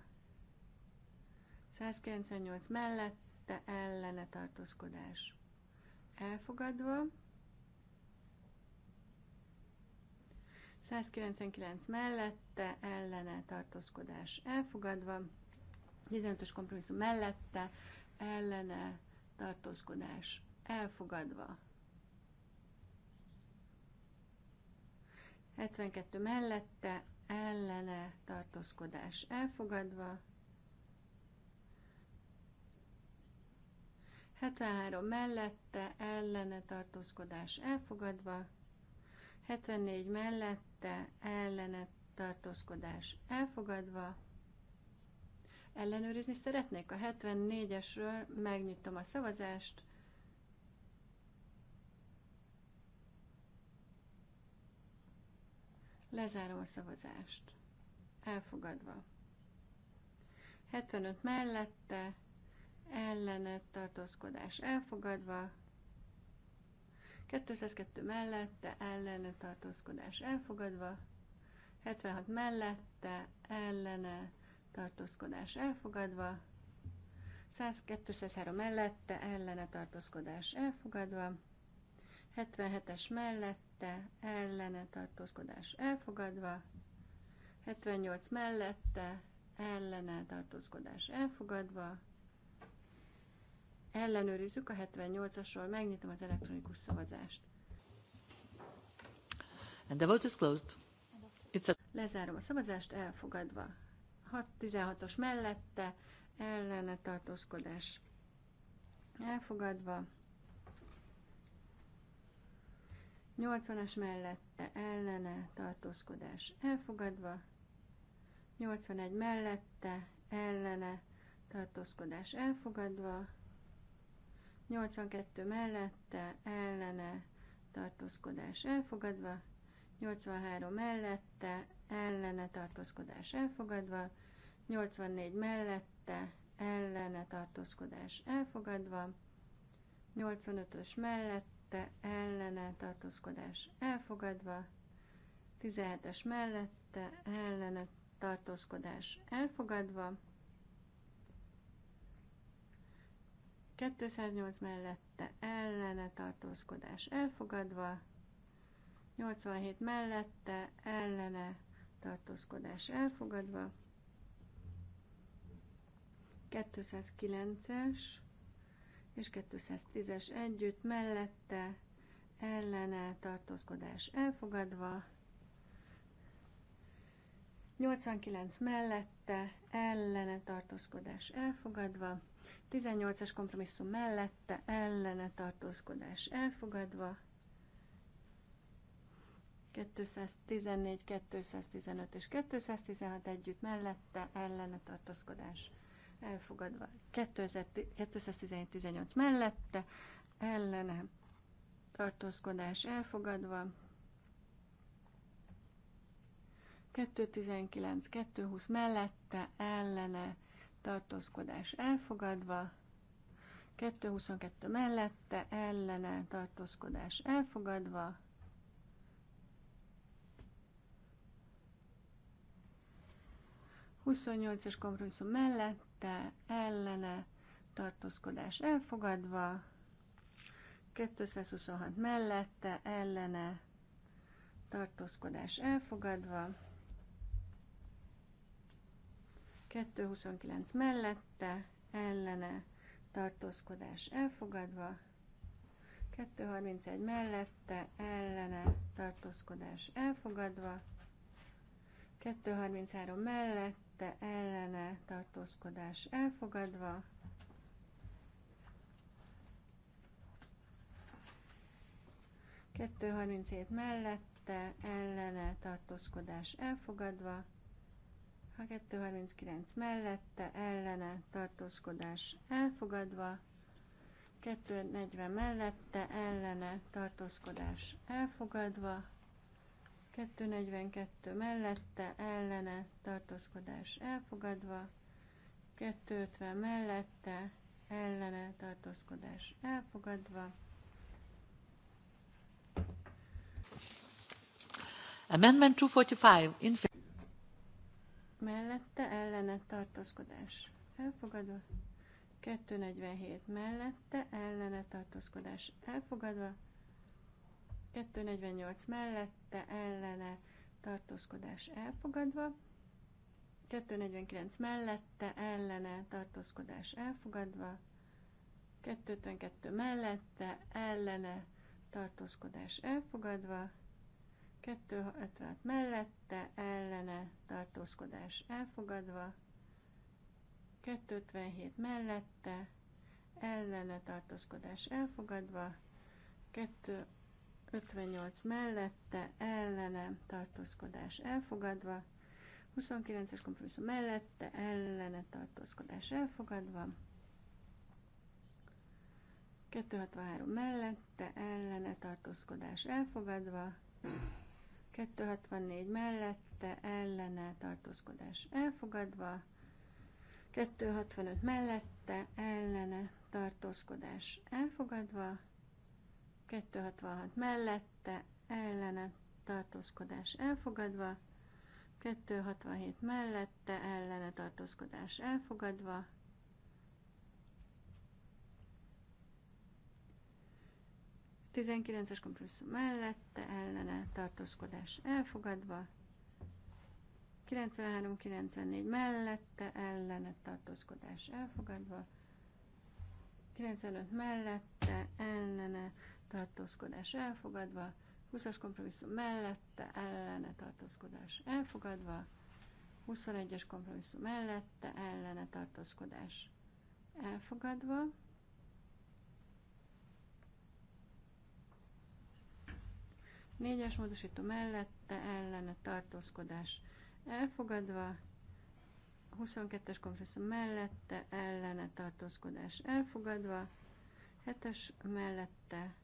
198 mellette, ellene tartózkodás elfogadva, 199 mellette, ellene tartózkodás elfogadva, 15-ös kompromisszum mellette, ellene tartózkodás elfogadva. 72 mellette, ellene tartózkodás elfogadva, 73 mellette, ellene tartózkodás elfogadva, 74 mellette, ellene tartózkodás elfogadva. Ellenőrizni szeretnék a 74-esről, megnyitom a szavazást, Lezárom a szavazást. Elfogadva. 75 mellette, ellene tartózkodás elfogadva. 202 mellette, ellene tartózkodás elfogadva. 76 mellette, ellene tartózkodás elfogadva. 100-203 mellette, ellene tartózkodás elfogadva. 77-es mellett, mellette, ellene tartózkodás elfogadva, 78 mellette, ellene tartózkodás elfogadva, ellenőrizzük a 78-asról, megnyitom az elektronikus szavazást. And the vote is closed. It's a... Lezárom a szavazást, elfogadva. 16-os mellette, ellene tartózkodás elfogadva, 80-as mellette ellene tartózkodás elfogadva, 81 mellette ellene tartózkodás elfogadva, 82 mellette ellene tartózkodás elfogadva, 83 mellette ellene tartózkodás elfogadva, 84 mellette ellene tartózkodás elfogadva, 85-ös mellette mellette ellene tartózkodás elfogadva, 17-es mellette ellene tartózkodás elfogadva, 208 mellette ellene tartózkodás elfogadva, 87 mellette ellene tartózkodás elfogadva, 209-es és 210-es együtt mellette ellene tartózkodás elfogadva, 89 mellette ellene tartózkodás elfogadva, 18-as kompromisszum mellette ellene tartózkodás elfogadva, 214, 215 és 216 együtt mellette ellene tartózkodás elfogadva elfogadva. 217-18 mellette, ellene, tartózkodás elfogadva. 219-220 mellette, ellene, tartózkodás elfogadva. 222 mellette, ellene, tartózkodás elfogadva. 28 es kompromisszum mellett mellette, ellene, tartózkodás elfogadva, 226 mellette, ellene, tartózkodás elfogadva, 229 mellette, ellene, tartózkodás elfogadva, 231 mellette, ellene, tartózkodás elfogadva, 233 mellette, tette ellene tartózkodás elfogadva, kettő harminchét mellette ellene tartózkodás elfogadva, ha 239 mellette ellene tartózkodás elfogadva, 240 mellette ellene tartózkodás elfogadva, 242 mellette, ellene, tartózkodás elfogadva, 250 mellette, ellene, tartózkodás elfogadva. Amendment 245. mellette, ellene, tartózkodás elfogadva. 247 mellette, ellene, tartózkodás elfogadva. 248 mellette ellene tartózkodás elfogadva, 249 mellette ellene tartózkodás elfogadva, 252 mellette ellene tartózkodás elfogadva, 256 mellette ellene tartózkodás elfogadva, 257 mellette ellene tartózkodás elfogadva, 2 58 mellette, ellene, tartózkodás elfogadva, 29-es kompromisszum mellette, ellene, tartózkodás elfogadva, 263 mellette, ellene, tartózkodás elfogadva, 264 mellette, ellene, tartózkodás elfogadva, 265 mellette, ellene, tartózkodás elfogadva, 266 mellette, ellene, tartózkodás elfogadva, 267 mellette, ellene, tartózkodás elfogadva, 19-es kompromisszum mellette, ellene, tartózkodás elfogadva, 93-94 mellette, ellene, tartózkodás elfogadva, 95 mellette, ellene, tartózkodás elfogadva, 20-as kompromisszum mellette, ellene tartózkodás elfogadva, 21-es kompromisszum mellette, ellene tartózkodás elfogadva, négyes módosító mellette, ellene tartózkodás elfogadva, 22-es kompresszor mellette, ellene tartózkodás elfogadva, 7-es mellette,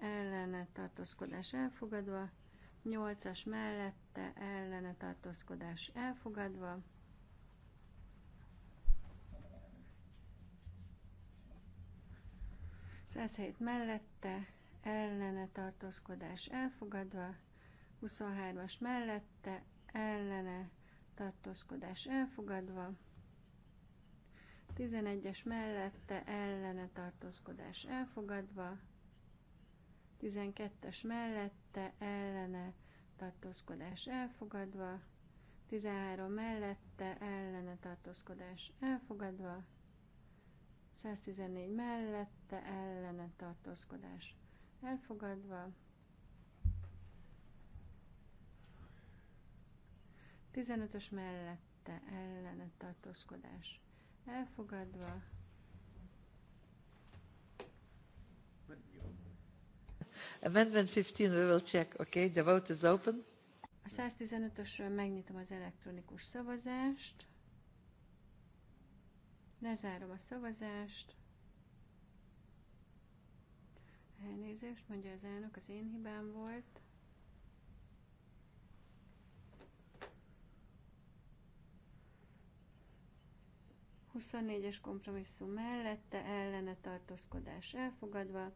ellene tartózkodás elfogadva, 8-as mellette ellene tartózkodás elfogadva, Százhét mellette ellene tartózkodás elfogadva, 23-as mellette ellene tartózkodás elfogadva, 11-es mellette ellene tartózkodás elfogadva, 12-es mellette ellene tartózkodás elfogadva, 13 mellette ellene tartózkodás elfogadva, 114 mellette ellene tartózkodás elfogadva, 15-ös mellette ellene tartózkodás elfogadva, Amendment 15, we will check. Okay, the vote is open. A 115-ösről megnyitom az elektronikus szavazást. Lezárom a szavazást. Elnézést, mondja az elnök, az én hibám volt. Huszonnégyes kompromisszum mellette ellene tartózkodás elfogadva.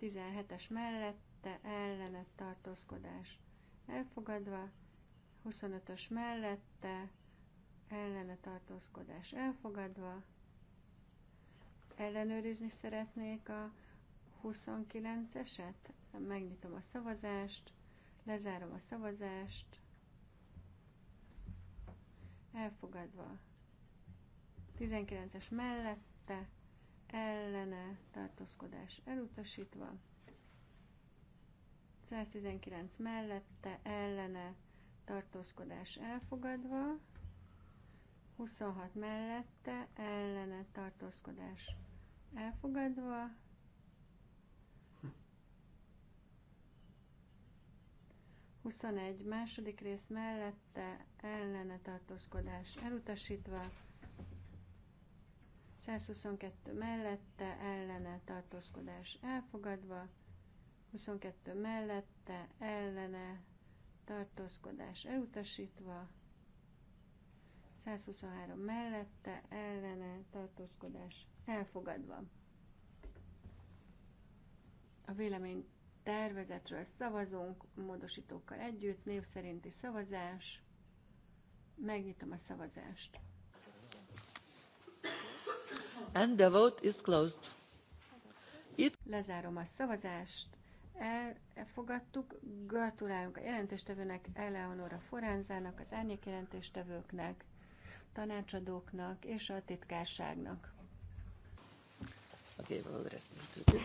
17-es mellette ellene tartózkodás elfogadva, 25-ös mellette ellene tartózkodás elfogadva, ellenőrizni szeretnék a 29-eset, megnyitom a szavazást, lezárom a szavazást, elfogadva, 19-es mellette, ellene tartózkodás elutasítva, 119 mellette ellene tartózkodás elfogadva, 26 mellette ellene tartózkodás elfogadva, Huszonegy második rész mellette ellene tartózkodás elutasítva, 122 mellette ellene tartózkodás elfogadva, 22 mellette ellene tartózkodás elutasítva, 123 mellette ellene tartózkodás elfogadva. A vélemény tervezetről szavazunk, módosítókkal együtt, név szerinti szavazás. Megnyitom a szavazást. And the vote is closed. It... Lezárom a szavazást. Elfogadtuk. Gratulálunk a jelentéstevőnek, Eleonora Foránzának, az árnyék jelentéstevőknek, tanácsadóknak és a titkárságnak. Okay, well, the rest of the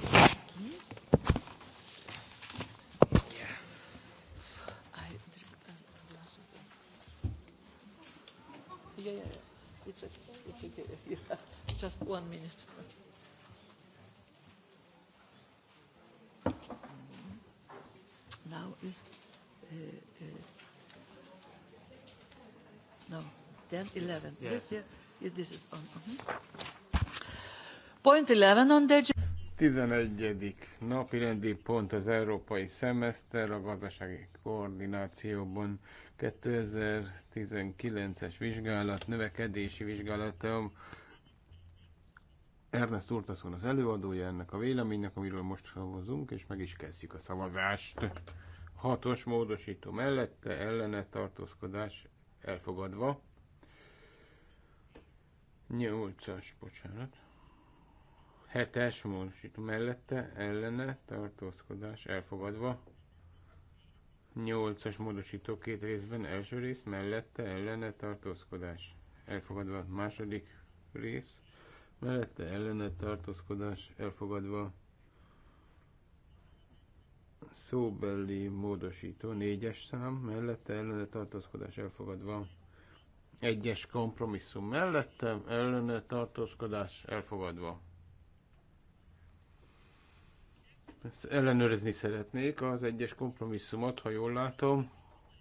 Yeah, yeah, yeah. It's, a, it's okay. You have just one minute. Now is uh, uh, no, 10, 11. Yeah. This, yeah, this is on. Uh-huh. Point 11 on the 11. napi rendi pont az európai szemeszter a gazdasági koordinációban 2019-es vizsgálat, növekedési vizsgálata. Ernest Urtaszon az előadója ennek a véleménynek, amiről most szavazunk, és meg is kezdjük a szavazást. Hatos módosító mellette ellene tartózkodás elfogadva. Nyolcas, bocsánat Hetes módosító mellette ellene tartózkodás elfogadva. Nyolcas módosító két részben első rész mellette ellene tartózkodás elfogadva. Második rész mellette ellene tartózkodás elfogadva. Szóbeli módosító négyes szám mellette ellene tartózkodás elfogadva egyes kompromisszum mellette ellene tartózkodás elfogadva. ellenőrizni szeretnék az egyes kompromisszumot, ha jól látom,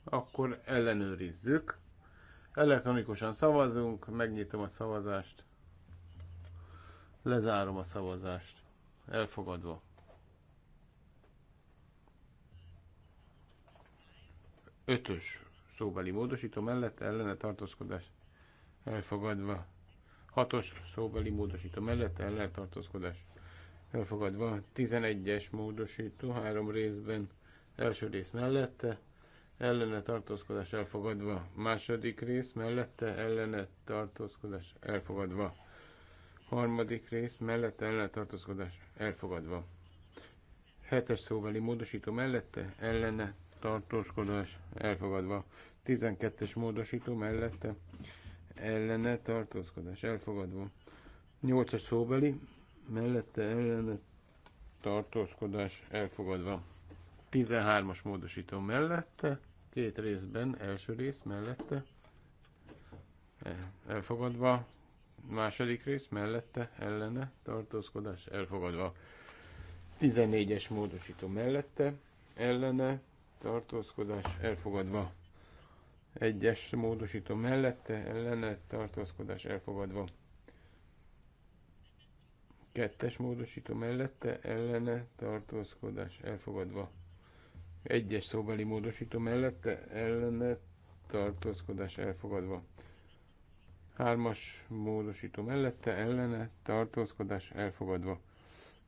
akkor ellenőrizzük. Elektronikusan szavazunk, megnyitom a szavazást, lezárom a szavazást, elfogadva. Ötös szóbeli módosító mellett ellene tartózkodás elfogadva. Hatos szóbeli módosító mellett ellene tartózkodás elfogadva. 11-es módosító három részben, első rész mellette, ellene tartózkodás elfogadva. Második rész mellette, ellene tartózkodás elfogadva. Harmadik rész mellette, ellene tartózkodás elfogadva. Hetes szóbeli módosító mellette, ellene tartózkodás elfogadva. 12-es módosító mellette, ellene tartózkodás elfogadva. 8-as szóbeli mellette ellene tartózkodás elfogadva. 13-as módosító mellette, két részben, első rész mellette, eh, elfogadva, második rész mellette, ellene, tartózkodás elfogadva. 14-es módosító mellette, ellene, tartózkodás elfogadva. Egyes módosító mellette, ellene, tartózkodás elfogadva. Kettes módosító mellette ellene tartózkodás elfogadva. Egyes szóbeli módosító mellette ellene tartózkodás elfogadva. Hármas módosító mellette ellene tartózkodás elfogadva.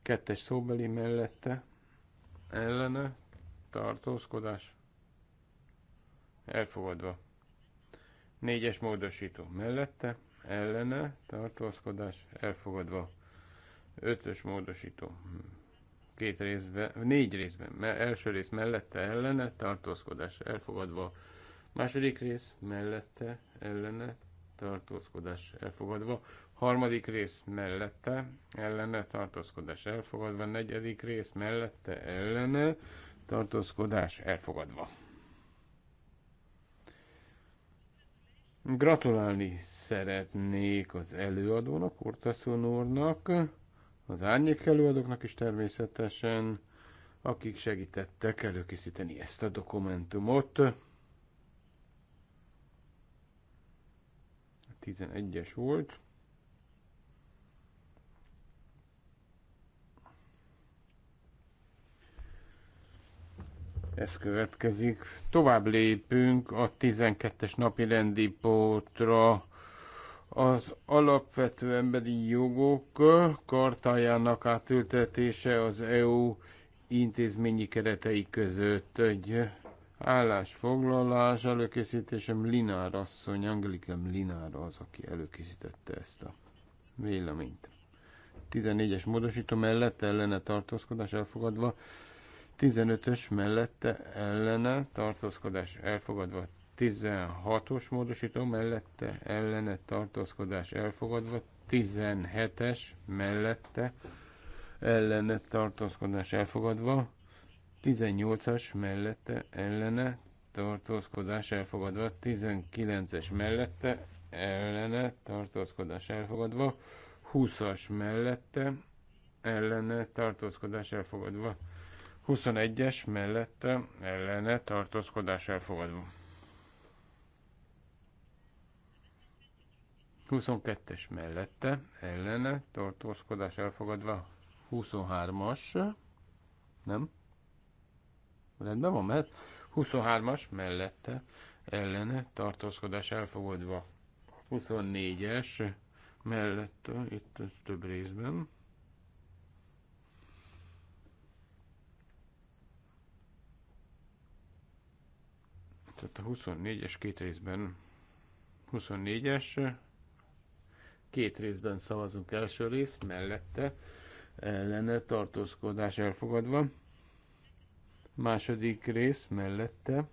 Kettes szóbeli mellette ellene tartózkodás elfogadva. Négyes módosító mellette ellene tartózkodás elfogadva. Ötös módosító. Két részben, négy részben. Mert első rész mellette ellene tartózkodás elfogadva. Második rész mellette ellene tartózkodás elfogadva. Harmadik rész mellette ellene tartózkodás elfogadva. Negyedik rész mellette ellene tartózkodás elfogadva. Gratulálni szeretnék az előadónak, Ortaszon úrnak az árnyék előadóknak is természetesen, akik segítettek előkészíteni ezt a dokumentumot. 11-es volt. Ez következik. Tovább lépünk a 12-es napi rendi pótra az alapvető emberi jogok kartájának átültetése az EU intézményi keretei között egy állásfoglalás előkészítésem Linár asszony, Angelikem Linár az, aki előkészítette ezt a véleményt. 14-es módosító mellette ellene tartózkodás elfogadva, 15-ös mellette ellene tartózkodás elfogadva, 16-os módosító mellette ellene tartózkodás elfogadva, 17-es mellette ellene tartózkodás elfogadva, 18-as mellette ellene tartózkodás elfogadva, 19-es mellette ellene tartózkodás elfogadva, 20-as mellette ellene tartózkodás elfogadva, 21-es mellette ellene tartózkodás elfogadva. 22-es mellette, ellene, tartózkodás elfogadva, 23-as, nem? Rendben van, mert 23-as mellette, ellene, tartózkodás elfogadva, 24-es mellette, itt több részben, tehát a 24-es két részben 24-es Két részben szavazunk. Első rész mellette ellene tartózkodás elfogadva. Második rész mellette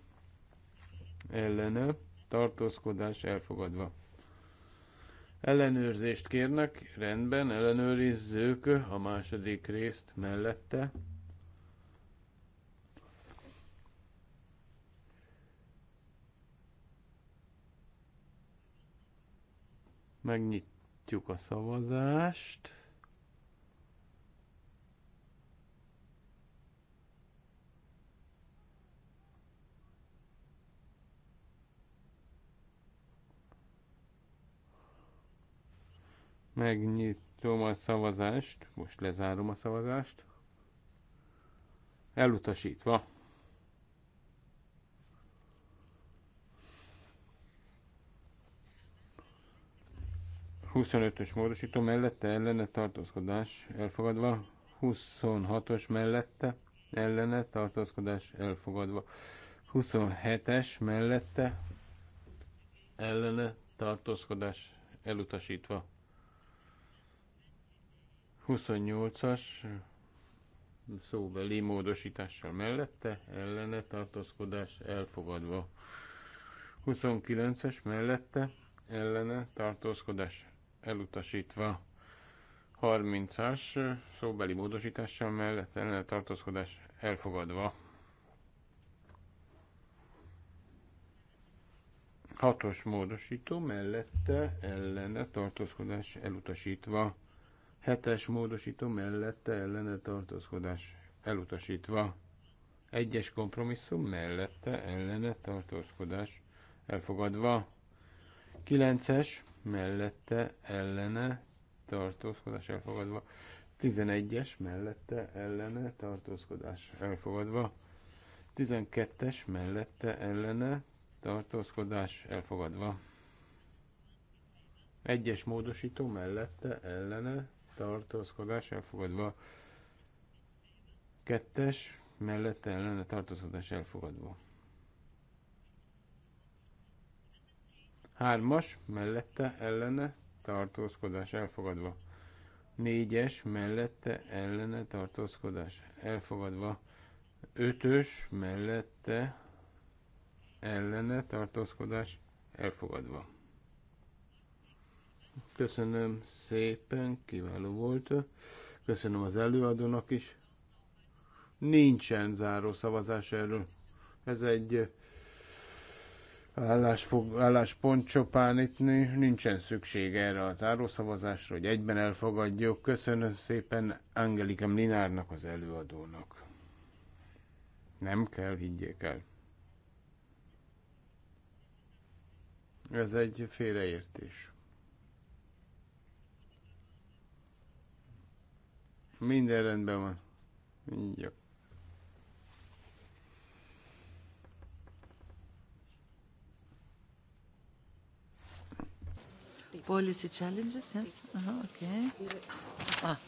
ellene tartózkodás elfogadva. Ellenőrzést kérnek, rendben, ellenőrizzük a második részt mellette. Megnyit Megnyitjuk a szavazást. Megnyitom a szavazást, most lezárom a szavazást. Elutasítva. 25-ös módosító mellette ellene tartózkodás elfogadva, 26-os mellette ellene tartózkodás elfogadva, 27-es mellette ellene tartózkodás elutasítva, 28-as szóbeli módosítással mellette ellene tartózkodás elfogadva, 29-es mellette ellene tartózkodás elutasítva. 30-as szóbeli módosítással mellett ellene tartózkodás elfogadva. 6-os módosító mellette ellene tartózkodás elutasítva. 7-es módosító mellette ellene tartózkodás elutasítva. 1-es kompromisszum mellette ellene tartózkodás elfogadva. 9-es mellette ellene tartózkodás elfogadva. 11-es mellette ellene tartózkodás elfogadva. 12-es mellette ellene tartózkodás elfogadva. Egyes módosító mellette ellene tartózkodás elfogadva. Kettes mellette ellene tartózkodás elfogadva. Hármas mellette ellene tartózkodás elfogadva. Négyes mellette ellene tartózkodás elfogadva. Ötös mellette ellene tartózkodás elfogadva. Köszönöm szépen, kiváló volt. Köszönöm az előadónak is. Nincsen záró szavazás erről. Ez egy állásfog, álláspont csopán itt nincsen szükség erre az árószavazásra, hogy egyben elfogadjuk. Köszönöm szépen Angelika Mlinárnak, az előadónak. Nem kell, higgyék el. Ez egy félreértés. Minden rendben van. Mindjárt. policy challenges, yes? Uh-huh, okay. Ah.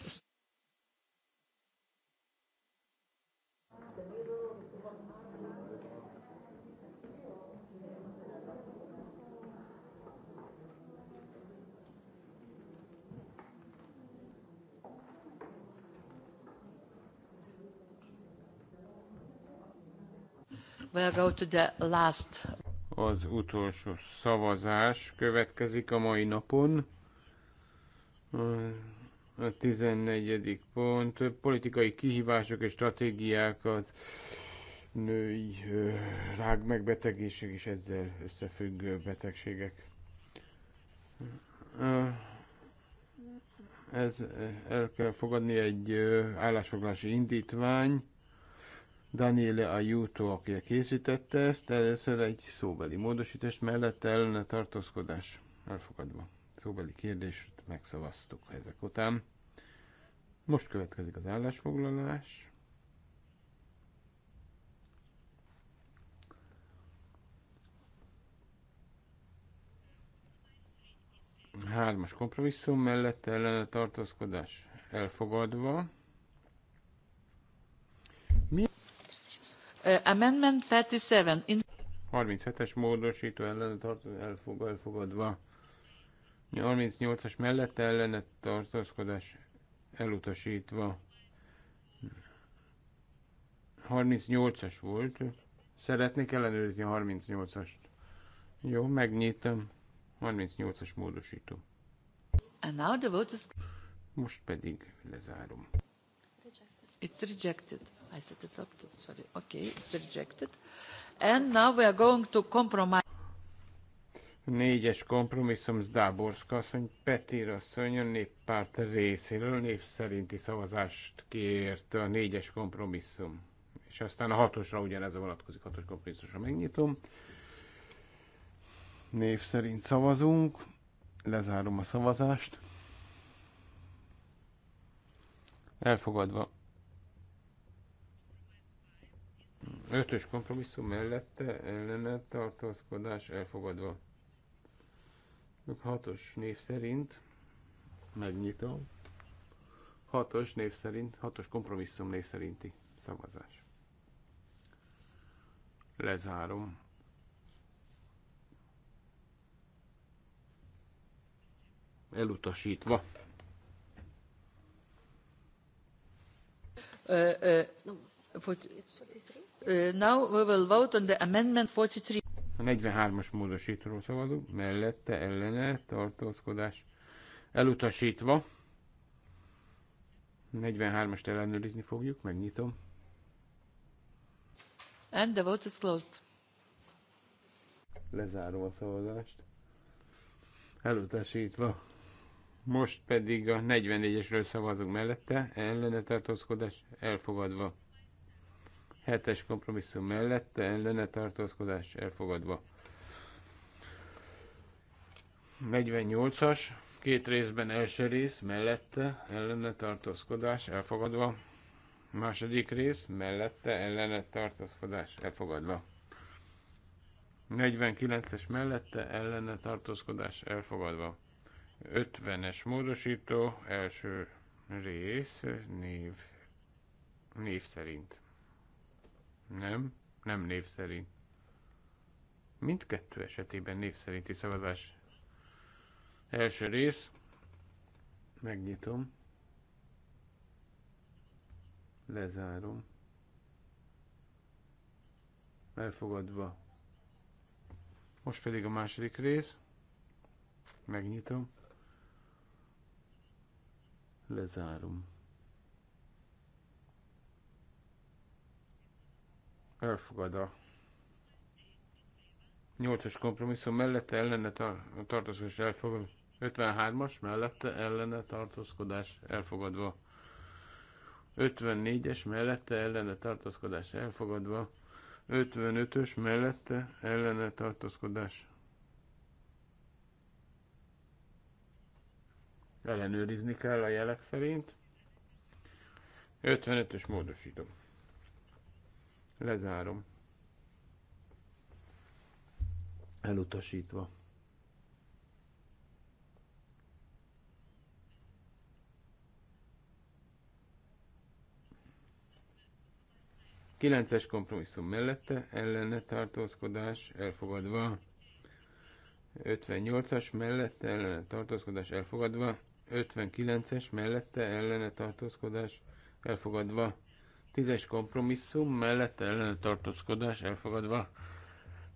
We'll go to the last az utolsó szavazás következik a mai napon. A 14. pont, politikai kihívások és stratégiák az női rák megbetegések és ezzel összefüggő betegségek. Ez el kell fogadni egy állásfoglalási indítvány. Daniele Ajuto, aki készítette ezt, először egy szóbeli módosítás mellett ellene tartózkodás elfogadva. Szóbeli kérdést megszavaztuk ezek után. Most következik az állásfoglalás. Hármas kompromisszum mellett ellene tartózkodás elfogadva. Uh, amendment 37. 37-es módosító ellenet tartozás elfogadva. 38-as mellett ellenet tartózkodás elutasítva. 38-as volt. Szeretnék ellenőrizni a 38-ast. Jó, megnyitom. 38-as módosító. And now the vote is... Most pedig lezárom. Rejected. It's rejected. I set it up too, sorry. Okay, it's rejected. And now we are going to compromise. Négyes kompromisszum Zdáborszka asszony, Petir asszony a néppárt részéről név szerinti szavazást kért a négyes kompromisszum. És aztán a hatosra ugyanez a vonatkozik, hatos kompromisszusra megnyitom. Név szerint szavazunk, lezárom a szavazást. Elfogadva. Ötös kompromisszum mellette ellene tartózkodás elfogadva. Hatos név szerint megnyitom. Hatos név szerint, hatos kompromisszum név szerinti szavazás. Lezárom. Elutasítva. Ö, ö, Now we will vote on the amendment 43. A 43-as módosítóról szavazunk, mellette ellene tartózkodás elutasítva. 43-ast ellenőrizni fogjuk, megnyitom. And the vote is closed. Lezárom a szavazást. Elutasítva. Most pedig a 44-esről szavazunk mellette, ellene tartózkodás elfogadva. Hetes kompromisszum mellette ellene tartózkodás elfogadva. 48-as, két részben első rész mellette ellene tartózkodás elfogadva. Második rész mellette ellene tartózkodás elfogadva. 49-es mellette ellene tartózkodás elfogadva. 50-es módosító első rész név, név szerint. Nem, nem név szerint. Mindkettő esetében név szerinti szavazás. Első rész. Megnyitom. Lezárom. Elfogadva. Most pedig a második rész. Megnyitom. Lezárom. elfogad a nyolcas kompromisszum mellette ellene tar tartózkodás elfogadva. 53-as mellette ellene tartózkodás elfogadva. 54-es mellette ellene tartózkodás elfogadva. 55-ös mellette ellene tartózkodás ellenőrizni kell a jelek szerint. 55-ös módosítom. Lezárom. Elutasítva. Kilences kompromisszum mellette, ellene tartózkodás elfogadva. 58-as mellette ellene tartózkodás elfogadva, 59-es mellette ellene tartózkodás elfogadva, Tízes kompromisszum mellett ellene tartózkodás elfogadva.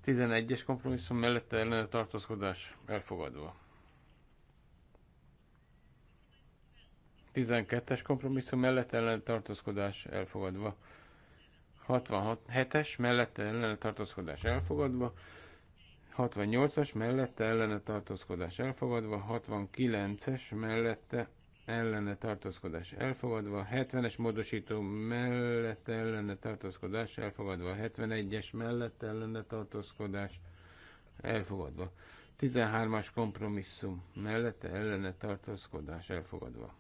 11-es kompromisszum mellett ellene tartózkodás elfogadva. 12-es kompromisszum mellett ellene tartózkodás elfogadva. 67-es mellette ellene tartózkodás elfogadva. 68-as mellette ellene tartózkodás elfogadva, 69-es mellette ellene tartózkodás elfogadva, 70-es módosító mellett ellene tartózkodás elfogadva, 71-es mellett ellene tartózkodás elfogadva, 13-as kompromisszum mellett ellene tartózkodás elfogadva.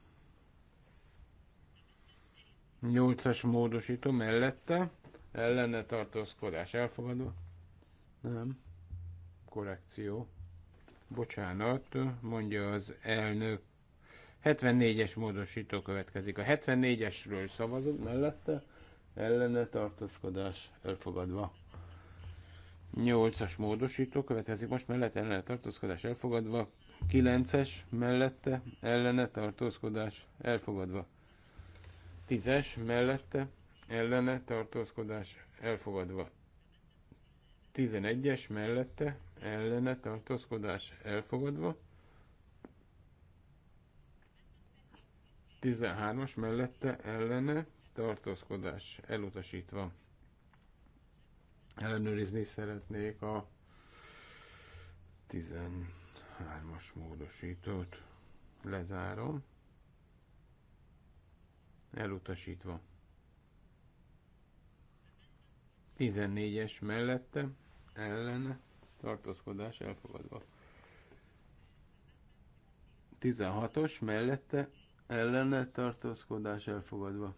8-as módosító mellette ellene tartózkodás elfogadva. Nem. Korrekció. Bocsánat, mondja az elnök 74-es módosító következik. A 74-esről szavazunk mellette, ellene tartózkodás elfogadva. 8-as módosító következik most mellette, ellene tartózkodás elfogadva. 9-es mellette, ellene tartózkodás elfogadva. 10-es mellette, ellene tartózkodás elfogadva. 11-es mellette, ellene tartózkodás elfogadva. 13-as mellette ellene tartózkodás elutasítva. Ellenőrizni szeretnék a 13-as módosítót. Lezárom. Elutasítva. 14-es mellette ellene tartózkodás elfogadva. 16-os mellette ellene tartózkodás elfogadva.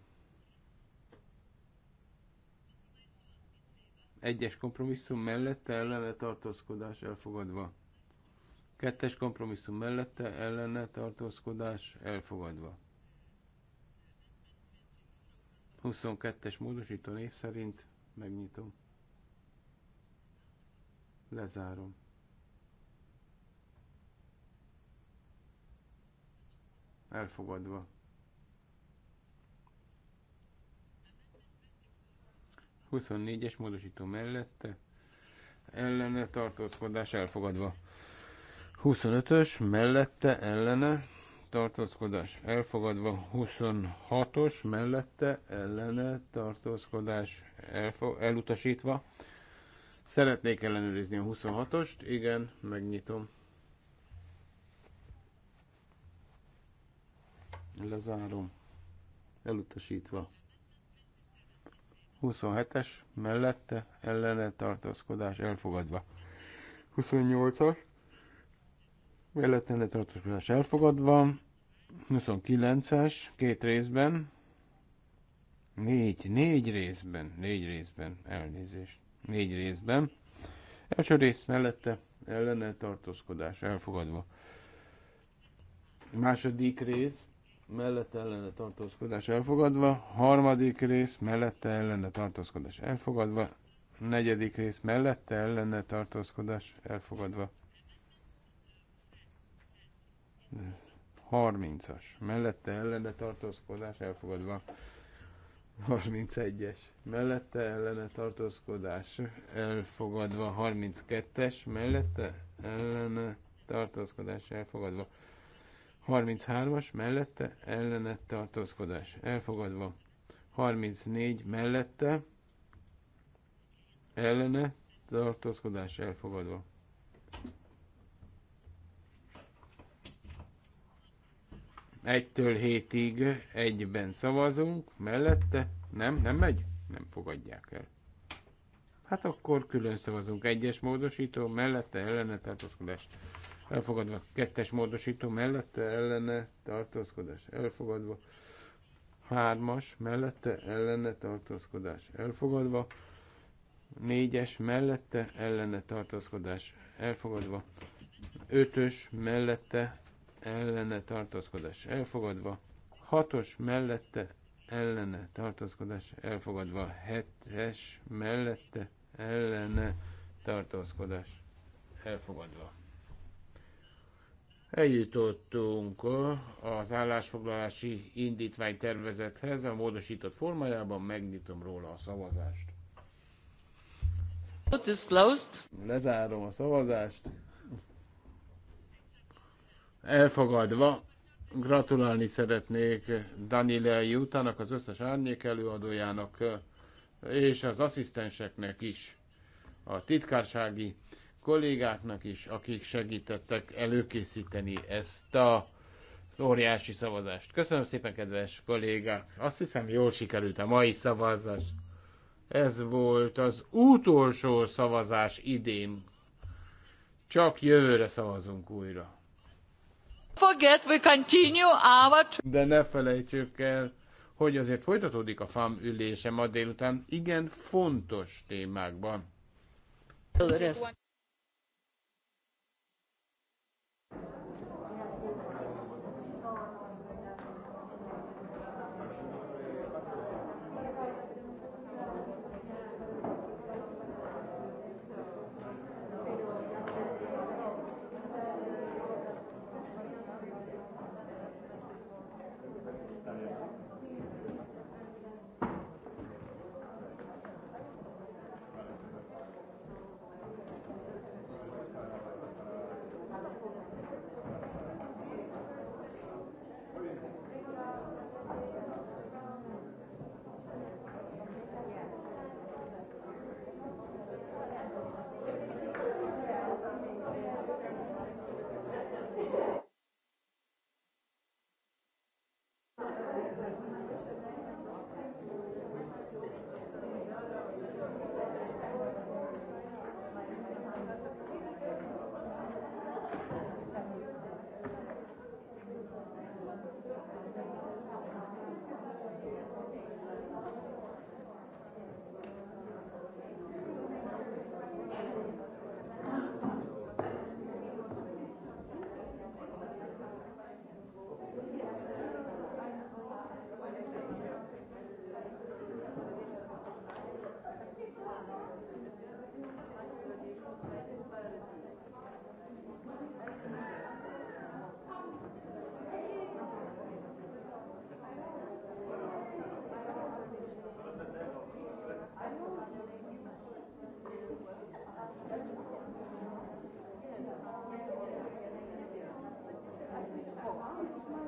Egyes kompromisszum mellette ellene tartózkodás elfogadva. Kettes kompromisszum mellette ellene tartózkodás elfogadva. 22-es módosító név szerint megnyitom. Lezárom. elfogadva. 24-es módosító mellette ellene tartózkodás elfogadva. 25-ös mellette ellene tartózkodás elfogadva. 26-os mellette ellene tartózkodás elutasítva. Szeretnék ellenőrizni a 26-ost. Igen, megnyitom. Lezárom. Elutasítva. 27-es mellette ellene tartózkodás elfogadva. 28-as mellette ellene tartózkodás elfogadva. 29-es két részben. Négy, négy részben, négy részben, elnézést. Négy részben. Első rész mellette ellene tartózkodás elfogadva. Második rész mellette ellene tartózkodás elfogadva, harmadik rész mellette ellene tartózkodás elfogadva, negyedik rész mellette ellene tartózkodás elfogadva. 30-as mellette ellene tartózkodás elfogadva. 31-es mellette ellene tartózkodás elfogadva. 32-es mellette ellene tartózkodás elfogadva. 33-as mellette ellene tartózkodás elfogadva. 34 mellette ellene tartózkodás elfogadva. Egytől hétig egyben szavazunk, mellette nem, nem megy, nem fogadják el. Hát akkor külön szavazunk egyes módosító, mellette ellene tartózkodás elfogadva. Kettes módosító mellette ellene tartózkodás elfogadva. Hármas mellette ellene tartózkodás elfogadva. Négyes mellette ellene tartózkodás elfogadva. Ötös mellette ellene tartózkodás elfogadva. Hatos mellette ellene tartózkodás elfogadva. Hetes mellette ellene tartózkodás elfogadva. Eljutottunk az állásfoglalási indítvány tervezethez a módosított formájában, megnyitom róla a szavazást. Lezárom a szavazást. Elfogadva, gratulálni szeretnék Daniele Jutának, az összes árnyék előadójának és az asszisztenseknek is. A titkársági kollégáknak is, akik segítettek előkészíteni ezt a óriási szavazást. Köszönöm szépen, kedves kollégák! Azt hiszem, jól sikerült a mai szavazás. Ez volt az utolsó szavazás idén. Csak jövőre szavazunk újra. Forget, we continue our... De ne felejtsük el, hogy azért folytatódik a FAM ülése ma délután igen fontos témákban. Előre.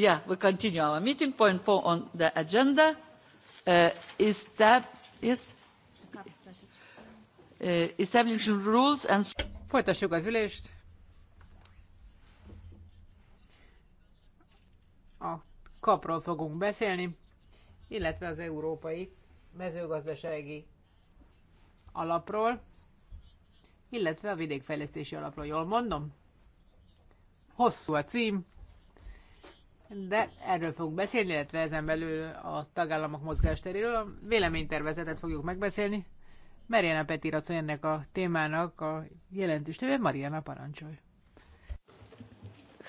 Yeah, we continue our meeting. Point four on the agenda uh, is that is uh, establishing rules and. Folytassuk az ülést. A kapról fogunk beszélni, illetve az európai mezőgazdasági alapról, illetve a vidékfejlesztési alapról. Jól mondom? Hosszú a cím, de erről fogunk beszélni, illetve ezen belül a tagállamok mozgásteréről. A véleménytervezetet fogjuk megbeszélni. Mariana Petir az ennek a témának a jelentős tőle, Mariana, parancsolj!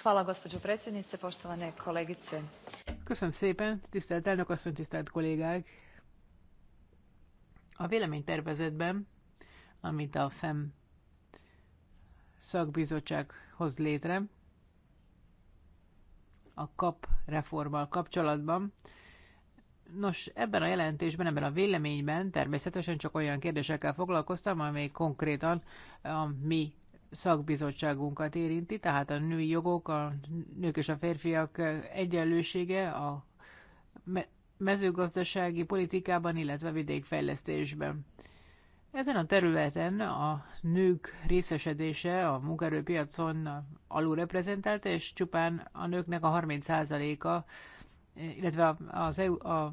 Hvala, gospođo predsjednice, poštovane kolegice. Köszönöm szépen, tisztelt elnök asszony, tisztelt kollégák! A véleménytervezetben, amit a FEM szakbizottság hoz létre, a kap reformmal kapcsolatban. Nos, ebben a jelentésben, ebben a véleményben természetesen csak olyan kérdésekkel foglalkoztam, amely konkrétan a mi szakbizottságunkat érinti, tehát a női jogok, a nők és a férfiak egyenlősége a mezőgazdasági politikában, illetve vidékfejlesztésben. Ezen a területen a nők részesedése a munkaerőpiacon alulreprezentált, és csupán a nőknek a 30%-a, illetve az EU, a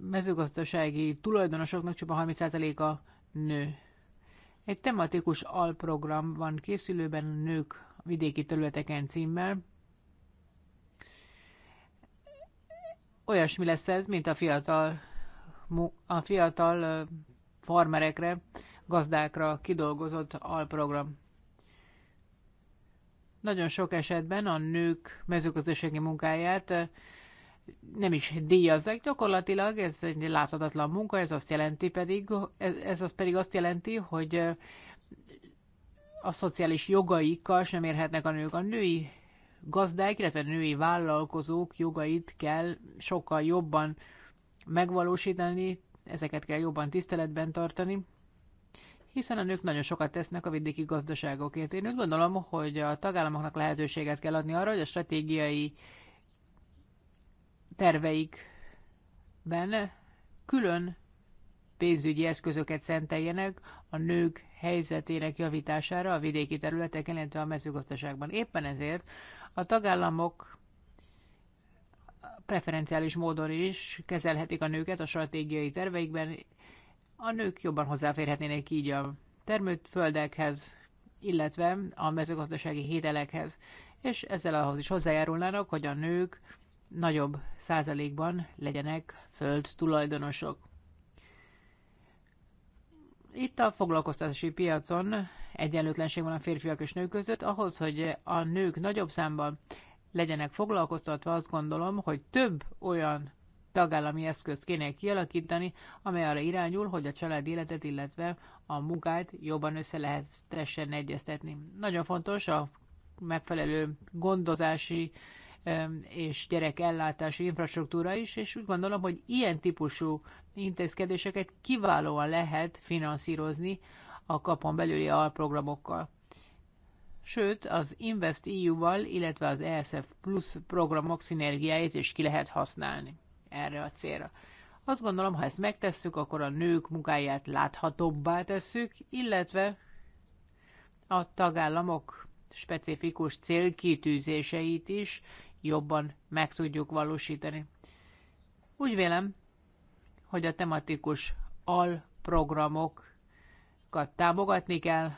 mezőgazdasági tulajdonosoknak csupán 30%-a nő. Egy tematikus alprogram van készülőben nők vidéki területeken címmel. Olyasmi lesz ez, mint a fiatal, a fiatal farmerekre, gazdákra kidolgozott alprogram. Nagyon sok esetben a nők mezőgazdasági munkáját eh, nem is díjazzák, gyakorlatilag ez egy láthatatlan munka, ez azt jelenti pedig, ez az pedig azt jelenti, hogy eh, a szociális jogaikkal sem érhetnek a nők. A női gazdák, illetve női vállalkozók jogait kell sokkal jobban megvalósítani, ezeket kell jobban tiszteletben tartani, hiszen a nők nagyon sokat tesznek a vidéki gazdaságokért. Én úgy gondolom, hogy a tagállamoknak lehetőséget kell adni arra, hogy a stratégiai terveikben külön pénzügyi eszközöket szenteljenek a nők helyzetének javítására a vidéki területeken, illetve a mezőgazdaságban. Éppen ezért a tagállamok preferenciális módon is kezelhetik a nőket a stratégiai terveikben. A nők jobban hozzáférhetnének így a termőt földekhez, illetve a mezőgazdasági hételekhez, és ezzel ahhoz is hozzájárulnának, hogy a nők nagyobb százalékban legyenek föld tulajdonosok. Itt a foglalkoztatási piacon egyenlőtlenség van a férfiak és nők között, ahhoz, hogy a nők nagyobb számban legyenek foglalkoztatva, azt gondolom, hogy több olyan tagállami eszközt kéne kialakítani, amely arra irányul, hogy a család életet, illetve a munkát jobban össze lehetessen egyeztetni. Nagyon fontos a megfelelő gondozási és gyerekellátási infrastruktúra is, és úgy gondolom, hogy ilyen típusú intézkedéseket kiválóan lehet finanszírozni a kapon belüli alprogramokkal sőt az Invest EU-val, illetve az ESF Plus programok szinergiáit is ki lehet használni erre a célra. Azt gondolom, ha ezt megtesszük, akkor a nők munkáját láthatóbbá tesszük, illetve a tagállamok specifikus célkitűzéseit is jobban meg tudjuk valósítani. Úgy vélem, hogy a tematikus alprogramokat támogatni kell,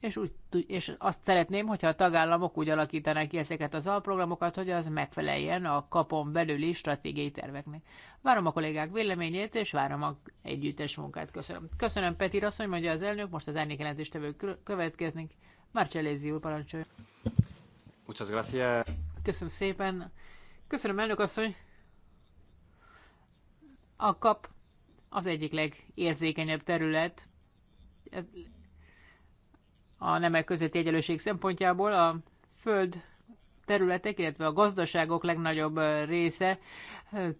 és, úgy, és azt szeretném, hogyha a tagállamok úgy alakítanák ki ezeket az alprogramokat, hogy az megfeleljen a kapon belüli stratégiai terveknek. Várom a kollégák véleményét, és várom a együttes munkát. Köszönöm. Köszönöm Peti Rasszony, mondja az elnök, most az árnyékjelentéstevő következnek. Marcellézi úr, parancsolja. Muchas gracias. Köszönöm szépen. Köszönöm, elnök asszony. A kap az egyik legérzékenyebb terület, ez a nemek közötti egyenlőség szempontjából a föld területek, illetve a gazdaságok legnagyobb része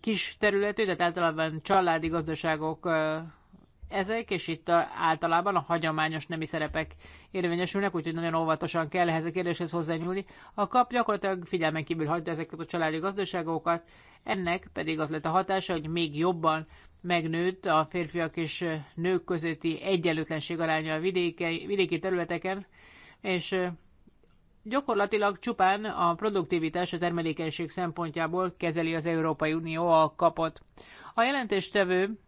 kis területű, tehát általában családi gazdaságok ezek, és itt általában a hagyományos nemi szerepek érvényesülnek, úgyhogy nagyon óvatosan kell ehhez a kérdéshez hozzányúlni. A kap gyakorlatilag figyelmen kívül hagyta ezeket a családi gazdaságokat, ennek pedig az lett a hatása, hogy még jobban megnőtt a férfiak és nők közötti egyenlőtlenség aránya a vidéke, vidéki területeken, és gyakorlatilag csupán a produktivitás, a termelékenység szempontjából kezeli az Európai Unió a kapot. A jelentéstevő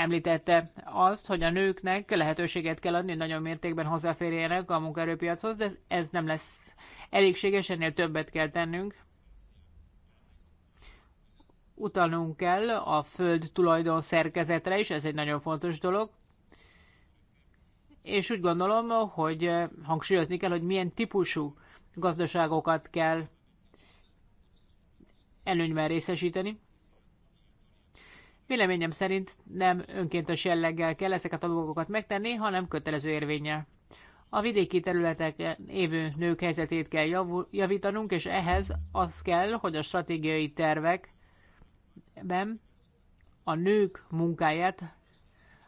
Említette azt, hogy a nőknek lehetőséget kell adni, nagyon mértékben hozzáférjenek a munkaerőpiachoz, de ez nem lesz elégséges, ennél többet kell tennünk. Utalnunk kell a föld tulajdon szerkezetre is, ez egy nagyon fontos dolog. És úgy gondolom, hogy hangsúlyozni kell, hogy milyen típusú gazdaságokat kell előnyben részesíteni. Véleményem szerint nem önkéntes jelleggel kell ezeket a dolgokat megtenni, hanem kötelező érvénye. A vidéki területeken évő nők helyzetét kell javítanunk, és ehhez az kell, hogy a stratégiai tervekben a nők munkáját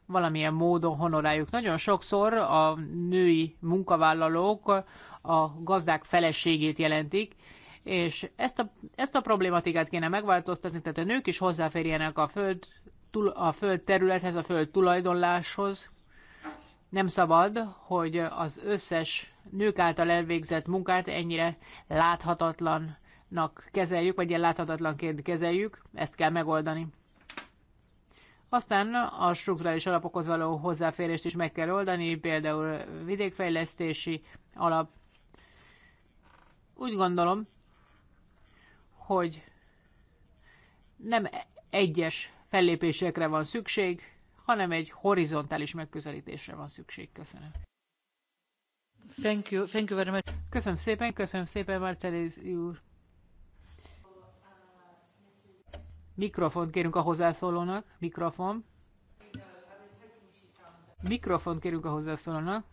valamilyen módon honoráljuk. Nagyon sokszor a női munkavállalók a gazdák feleségét jelentik, és ezt a, ezt a problématikát kéne megváltoztatni, tehát a nők is hozzáférjenek a föld, túl, a föld területhez, a föld tulajdonláshoz. Nem szabad, hogy az összes nők által elvégzett munkát ennyire láthatatlannak kezeljük, vagy ilyen láthatatlanként kezeljük, ezt kell megoldani. Aztán a strukturális alapokhoz való hozzáférést is meg kell oldani, például vidékfejlesztési alap. Úgy gondolom, hogy nem egyes fellépésekre van szükség, hanem egy horizontális megközelítésre van szükség. Köszönöm. Thank you. Thank you very much. Köszönöm szépen, köszönöm szépen, Marcelis úr. Mikrofont kérünk a hozzászólónak. Mikrofon. Mikrofont kérünk a hozzászólónak.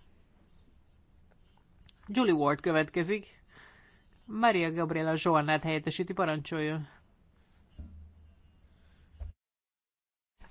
Julie Ward következik. Maria Gabriela Zsolnát helyettesíti, parancsoljon.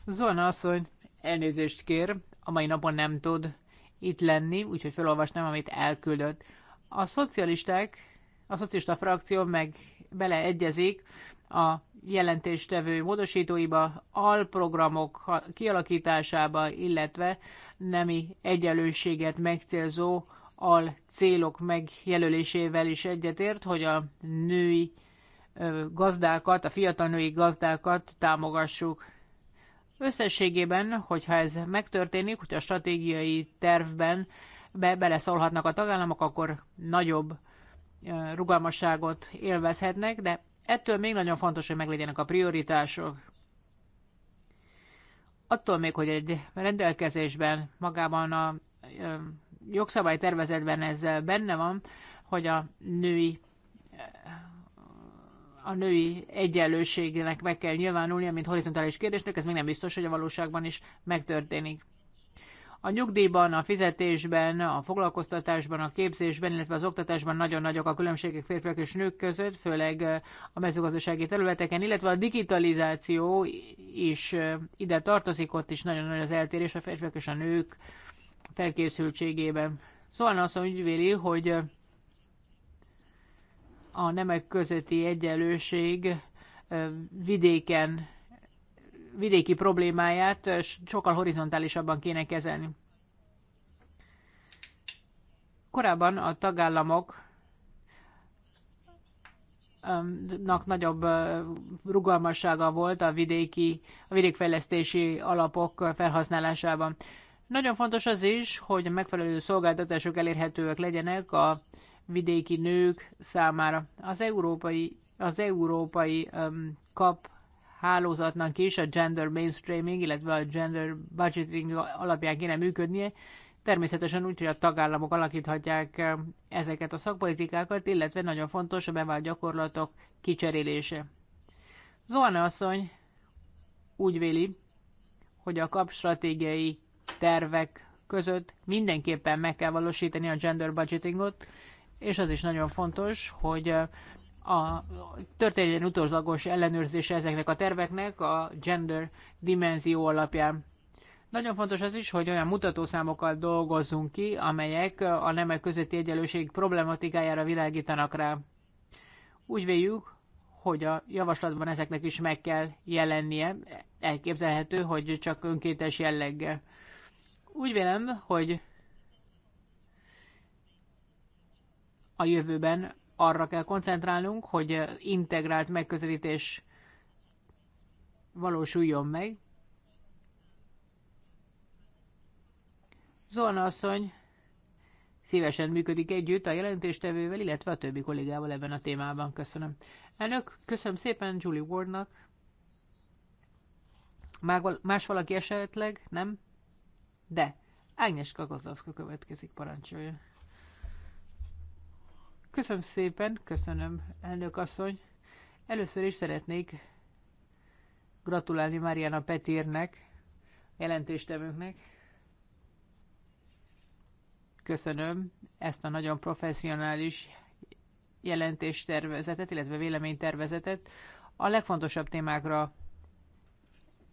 Zolna asszony, elnézést kér, a mai napon nem tud itt lenni, úgyhogy felolvasnám, amit elküldött. A szocialisták, a szocialista frakció meg beleegyezik a jelentéstevő módosítóiba, alprogramok kialakításába, illetve nemi egyenlőséget megcélzó al célok megjelölésével is egyetért, hogy a női gazdákat, a fiatal női gazdákat támogassuk. Összességében, hogyha ez megtörténik, hogy a stratégiai tervben be beleszólhatnak a tagállamok, akkor nagyobb rugalmasságot élvezhetnek, de ettől még nagyon fontos, hogy meglegyenek a prioritások. Attól még, hogy egy rendelkezésben magában a jogszabálytervezetben ez benne van, hogy a női a női egyenlőségnek meg kell nyilvánulnia, mint horizontális kérdésnek, ez még nem biztos, hogy a valóságban is megtörténik. A nyugdíjban, a fizetésben, a foglalkoztatásban, a képzésben, illetve az oktatásban nagyon nagyok a különbségek férfiak és nők között, főleg eh, a mezőgazdasági területeken, illetve a digitalizáció is eh, ide tartozik, ott is nagyon nagy az eltérés a férfiak és a nők felkészültségében. Szóval azt úgy véli, hogy a nemek közötti egyenlőség vidéken, vidéki problémáját sokkal horizontálisabban kéne kezelni. Korábban a tagállamok nagyobb rugalmassága volt a vidéki, a vidékfejlesztési alapok felhasználásában. Nagyon fontos az is, hogy a megfelelő szolgáltatások elérhetőek legyenek a vidéki nők számára. Az európai, az európai um, kap hálózatnak is a gender mainstreaming, illetve a gender budgeting alapján kéne működnie, természetesen úgy, hogy a tagállamok alakíthatják ezeket a szakpolitikákat, illetve nagyon fontos a bevált gyakorlatok kicserélése. Zóna asszony úgy véli, hogy a kap stratégiai tervek között mindenképpen meg kell valósítani a gender budgetingot, és az is nagyon fontos, hogy a, történjen utolsólagos ellenőrzése ezeknek a terveknek a gender dimenzió alapján. Nagyon fontos az is, hogy olyan mutatószámokkal dolgozzunk ki, amelyek a nemek közötti egyenlőség problematikájára világítanak rá. Úgy véljük, hogy a javaslatban ezeknek is meg kell jelennie. Elképzelhető, hogy csak önkéntes jelleggel. Úgy vélem, hogy a jövőben arra kell koncentrálnunk, hogy integrált megközelítés valósuljon meg. Zóna asszony szívesen működik együtt a jelentéstevővel, illetve a többi kollégával ebben a témában. Köszönöm. Elnök, köszönöm szépen Julie Wardnak. Más valaki esetleg? Nem? De Ágnes Kozlowska következik, parancsoljon. Köszönöm szépen, köszönöm, elnök asszony. Először is szeretnék gratulálni Mariana Petírnek, jelentéstevőnknek. Köszönöm ezt a nagyon professzionális jelentéstervezetet, illetve véleménytervezetet. A legfontosabb témákra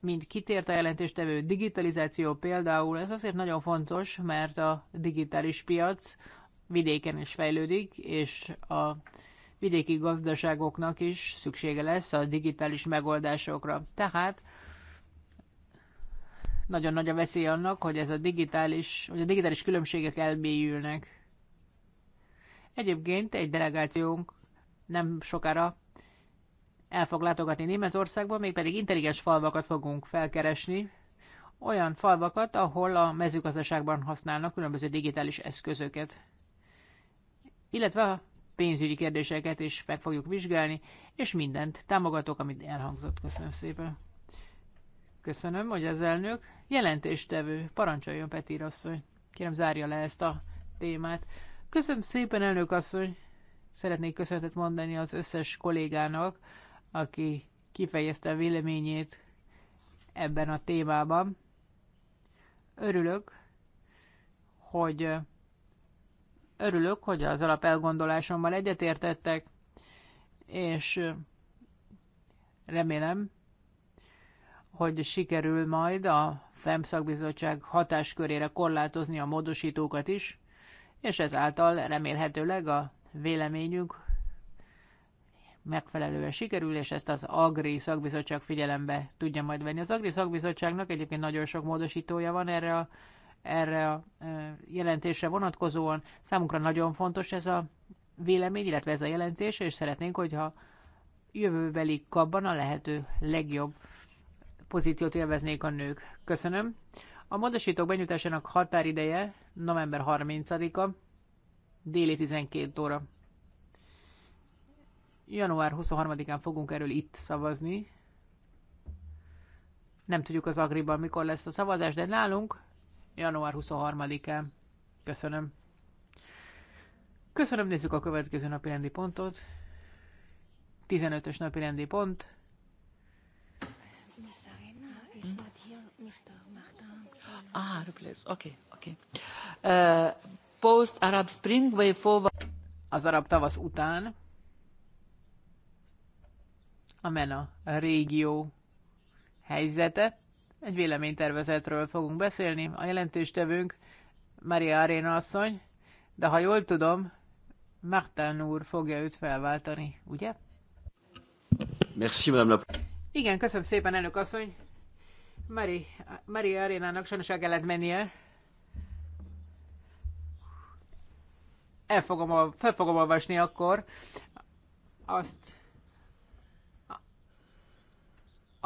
mint kitért a jelentéstevő digitalizáció például, ez azért nagyon fontos, mert a digitális piac vidéken is fejlődik, és a vidéki gazdaságoknak is szüksége lesz a digitális megoldásokra. Tehát nagyon nagy a veszély annak, hogy ez a digitális, hogy a digitális különbségek elmélyülnek. Egyébként egy delegációnk nem sokára el fog látogatni Németországba, mégpedig intelligens falvakat fogunk felkeresni, olyan falvakat, ahol a mezőgazdaságban használnak különböző digitális eszközöket, illetve a pénzügyi kérdéseket is meg fogjuk vizsgálni, és mindent támogatok, amit elhangzott. Köszönöm szépen. Köszönöm, hogy az elnök jelentéstevő. Parancsoljon Petír asszony. Kérem, zárja le ezt a témát. Köszönöm szépen, elnök asszony. Szeretnék köszönetet mondani az összes kollégának, aki kifejezte a véleményét ebben a témában. Örülök, hogy örülök, hogy az alapelgondolásommal egyetértettek, és remélem, hogy sikerül majd a FEM szakbizottság hatáskörére korlátozni a módosítókat is, és ezáltal remélhetőleg a véleményünk megfelelően sikerül, és ezt az Agri szakbizottság figyelembe tudja majd venni. Az Agri szakbizottságnak egyébként nagyon sok módosítója van erre a, erre a jelentésre vonatkozóan. Számunkra nagyon fontos ez a vélemény, illetve ez a jelentés, és szeretnénk, hogyha jövőbeli kapban a lehető legjobb pozíciót élveznék a nők. Köszönöm. A módosítók benyújtásának határideje november 30-a, déli 12 óra. Január 23-án fogunk erről itt szavazni. Nem tudjuk az agriban, mikor lesz a szavazás, de nálunk január 23-án. Köszönöm. Köszönöm, nézzük a következő napi rendi pontot. 15-ös napi rendi pont. Ah, replace. Oké, Oké, uh, post Arab Spring way forward. Az arab tavasz után amen a régió helyzete. Egy véleménytervezetről fogunk beszélni. A jelentéstevőnk Maria Arena asszony, de ha jól tudom, Martin úr fogja őt felváltani, ugye? Merci, madame la... Igen, köszönöm szépen, elnök asszony. Marie, Maria Arénának sajnos el kellett mennie. El fogom, fel fogom olvasni akkor azt,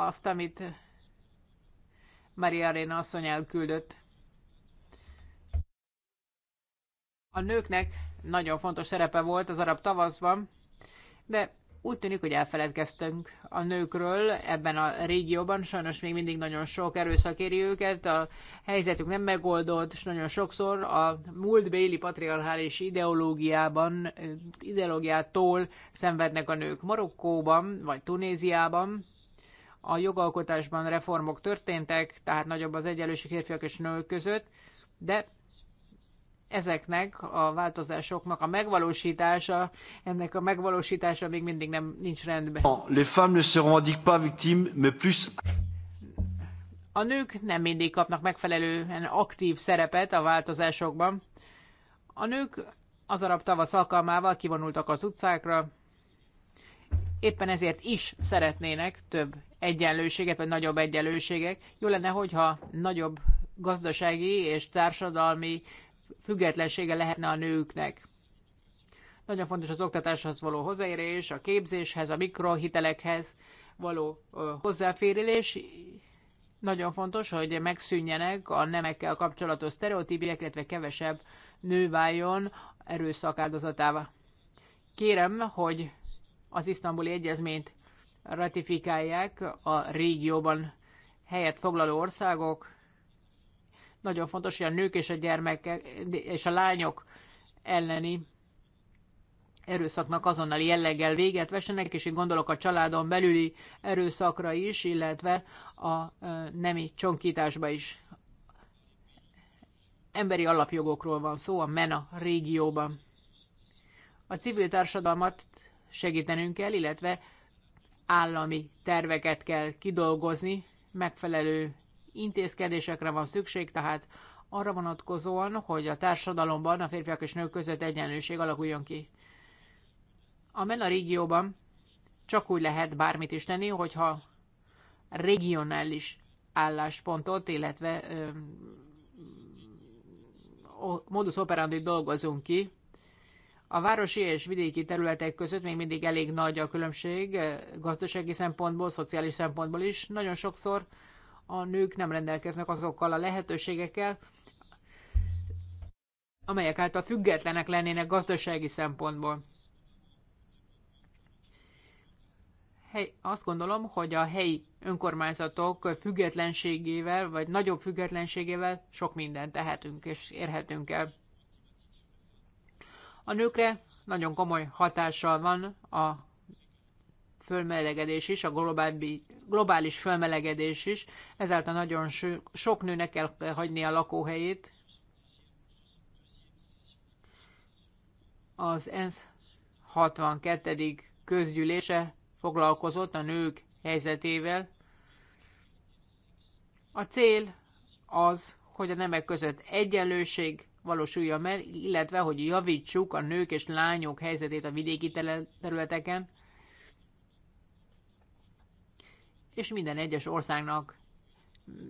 azt, amit Maria Arena asszony elküldött. A nőknek nagyon fontos szerepe volt az arab tavaszban, de úgy tűnik, hogy elfeledkeztünk a nőkről ebben a régióban. Sajnos még mindig nagyon sok erőszak éri őket, a helyzetük nem megoldott, és nagyon sokszor a béli patriarchális ideológiában, ideológiától szenvednek a nők Marokkóban vagy Tunéziában a jogalkotásban reformok történtek, tehát nagyobb az egyenlőség férfiak és nők között, de ezeknek a változásoknak a megvalósítása, ennek a megvalósítása még mindig nem nincs rendben. Les femmes ne se revendiquent pas victimes, mais plus a nők nem mindig kapnak megfelelően aktív szerepet a változásokban. A nők az arab tavasz alkalmával kivonultak az utcákra, éppen ezért is szeretnének több egyenlőséget, vagy nagyobb egyenlőségek. Jó lenne, hogyha nagyobb gazdasági és társadalmi függetlensége lehetne a nőknek. Nagyon fontos az oktatáshoz való hozzáérés, a képzéshez, a mikrohitelekhez való hozzáférés. Nagyon fontos, hogy megszűnjenek a nemekkel kapcsolatos sztereotípiek, illetve kevesebb nő váljon erőszak áldozatává. Kérem, hogy az isztambuli egyezményt ratifikálják a régióban helyet foglaló országok. Nagyon fontos, hogy a nők és a gyermekek és a lányok elleni erőszaknak azonnal jelleggel véget vessenek, és én gondolok a családon belüli erőszakra is, illetve a nemi csonkításba is. Emberi alapjogokról van szó a MENA régióban. A civil társadalmat segítenünk kell, illetve állami terveket kell kidolgozni, megfelelő intézkedésekre van szükség, tehát arra vonatkozóan, hogy a társadalomban a férfiak és nők között egyenlőség alakuljon ki. A MENA régióban csak úgy lehet bármit is tenni, hogyha regionális álláspontot, illetve ö, modus operandi dolgozunk ki. A városi és vidéki területek között még mindig elég nagy a különbség eh, gazdasági szempontból, szociális szempontból is. Nagyon sokszor a nők nem rendelkeznek azokkal a lehetőségekkel, amelyek által függetlenek lennének gazdasági szempontból. hely, azt gondolom, hogy a helyi önkormányzatok függetlenségével, vagy nagyobb függetlenségével sok mindent tehetünk és érhetünk el. A nőkre nagyon komoly hatással van a fölmelegedés is, a globális fölmelegedés is, ezáltal nagyon sok nőnek kell hagyni a lakóhelyét. Az ENSZ 62. közgyűlése foglalkozott a nők helyzetével. A cél az, hogy a nemek között egyenlőség valósulja meg, illetve hogy javítsuk a nők és lányok helyzetét a vidéki területeken, és minden egyes országnak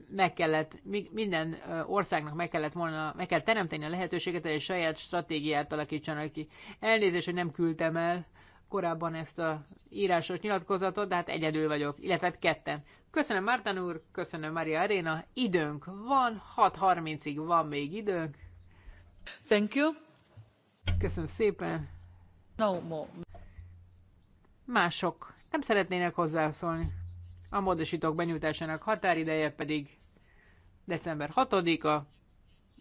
meg kellett, minden országnak meg kellett volna, meg kell teremteni a lehetőséget, hogy egy saját stratégiát alakítsanak ki. Elnézést, hogy nem küldtem el korábban ezt a írásos nyilatkozatot, de hát egyedül vagyok, illetve hát ketten. Köszönöm Márton úr, köszönöm Maria Arena, időnk van, 6.30-ig van még időnk. Thank you. Köszönöm szépen. No more. Mások nem szeretnének hozzászólni. A módosítók benyújtásának határideje pedig december 6-a.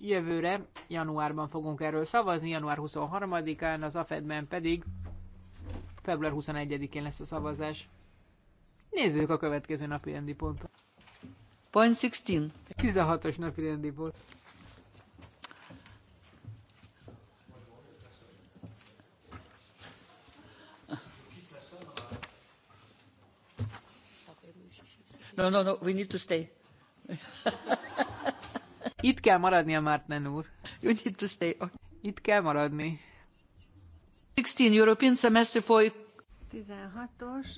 Jövőre, januárban fogunk erről szavazni, január 23-án, az AFED-ben pedig február 21-én lesz a szavazás. Nézzük a következő napi rendi pontot. Point 16. 16-os napi rendi pont. No, no, no, we need to stay. Itt kell maradnia, Márten úr. You need to stay. Okay. Itt kell maradni. 16 European semester for... 16-os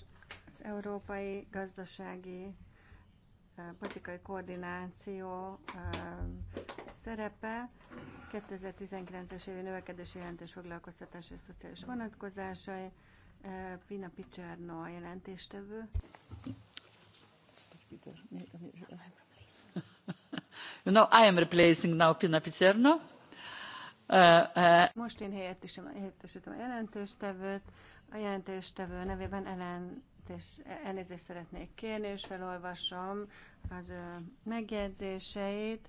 az európai gazdasági eh, politikai koordináció eh, szerepe, 2019-es évi növekedési jelentős foglalkoztatás és szociális vonatkozásai, eh, Pina Picserno a jelentéstevő you know, I am replacing now Pina Picerno. Uh, uh... Most én helyettesítem, a jelentéstevőt. A jelentéstevő nevében ellentés, elnézést szeretnék kérni, és felolvasom az ő megjegyzéseit.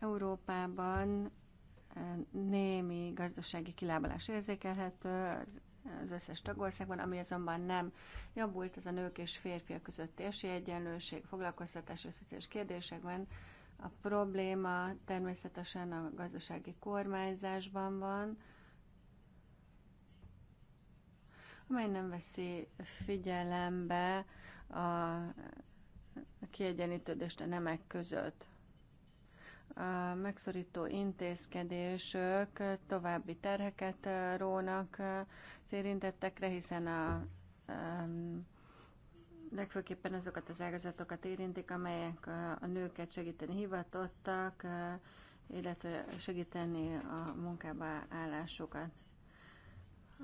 Európában némi gazdasági kilábalás érzékelhető, az az összes tagországban, ami azonban nem javult, az a nők és férfiak közötti esélyegyenlőség, foglalkoztatás és szociális kérdésekben. A probléma természetesen a gazdasági kormányzásban van, amely nem veszi figyelembe a kiegyenlítődést a nemek között a megszorító intézkedések további terheket rónak az érintettekre, hiszen a legfőképpen azokat az ágazatokat érintik, amelyek a nőket segíteni hivatottak, illetve segíteni a munkába állásokat.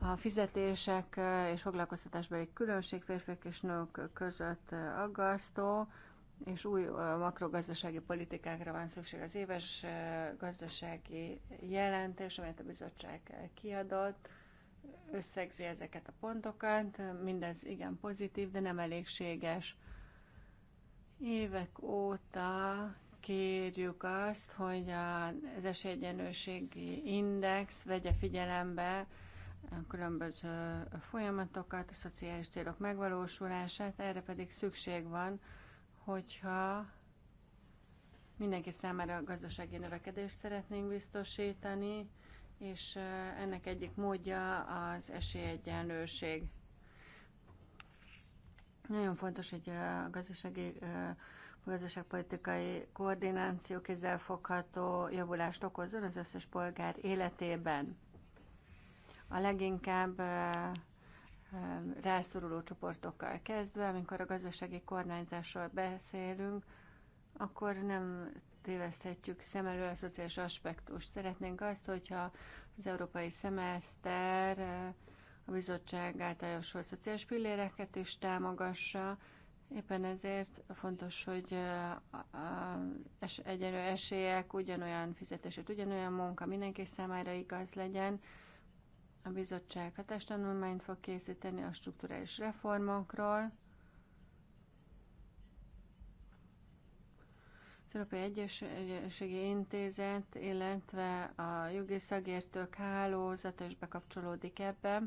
A fizetések és foglalkoztatásbeli különbség férfiak és nők között aggasztó, és új makrogazdasági politikákra van szükség. Az éves gazdasági jelentés, amelyet a bizottság kiadott, összegzi ezeket a pontokat. Mindez igen pozitív, de nem elégséges. Évek óta kérjük azt, hogy az esélyegyenlőségi index vegye figyelembe a különböző folyamatokat, a szociális célok megvalósulását, erre pedig szükség van, hogyha mindenki számára a gazdasági növekedést szeretnénk biztosítani, és ennek egyik módja az esélyegyenlőség. Nagyon fontos, hogy a gazdasági gazdaságpolitikai koordináció fogható javulást okozzon az összes polgár életében. A leginkább Um, rászoruló csoportokkal kezdve, amikor a gazdasági kormányzásról beszélünk, akkor nem téveszthetjük szem elől a szociális aspektust. Szeretnénk azt, hogyha az európai szemeszter uh, a bizottság által javasolt szociális pilléreket is támogassa, Éppen ezért fontos, hogy uh, es, egyenlő esélyek, ugyanolyan fizetését, ugyanolyan munka mindenki számára igaz legyen, a bizottság hatástanulmányt fog készíteni a strukturális reformokról, az Európai Egyenlőségi Intézet, illetve a jogi szakértők hálózata is bekapcsolódik ebbe,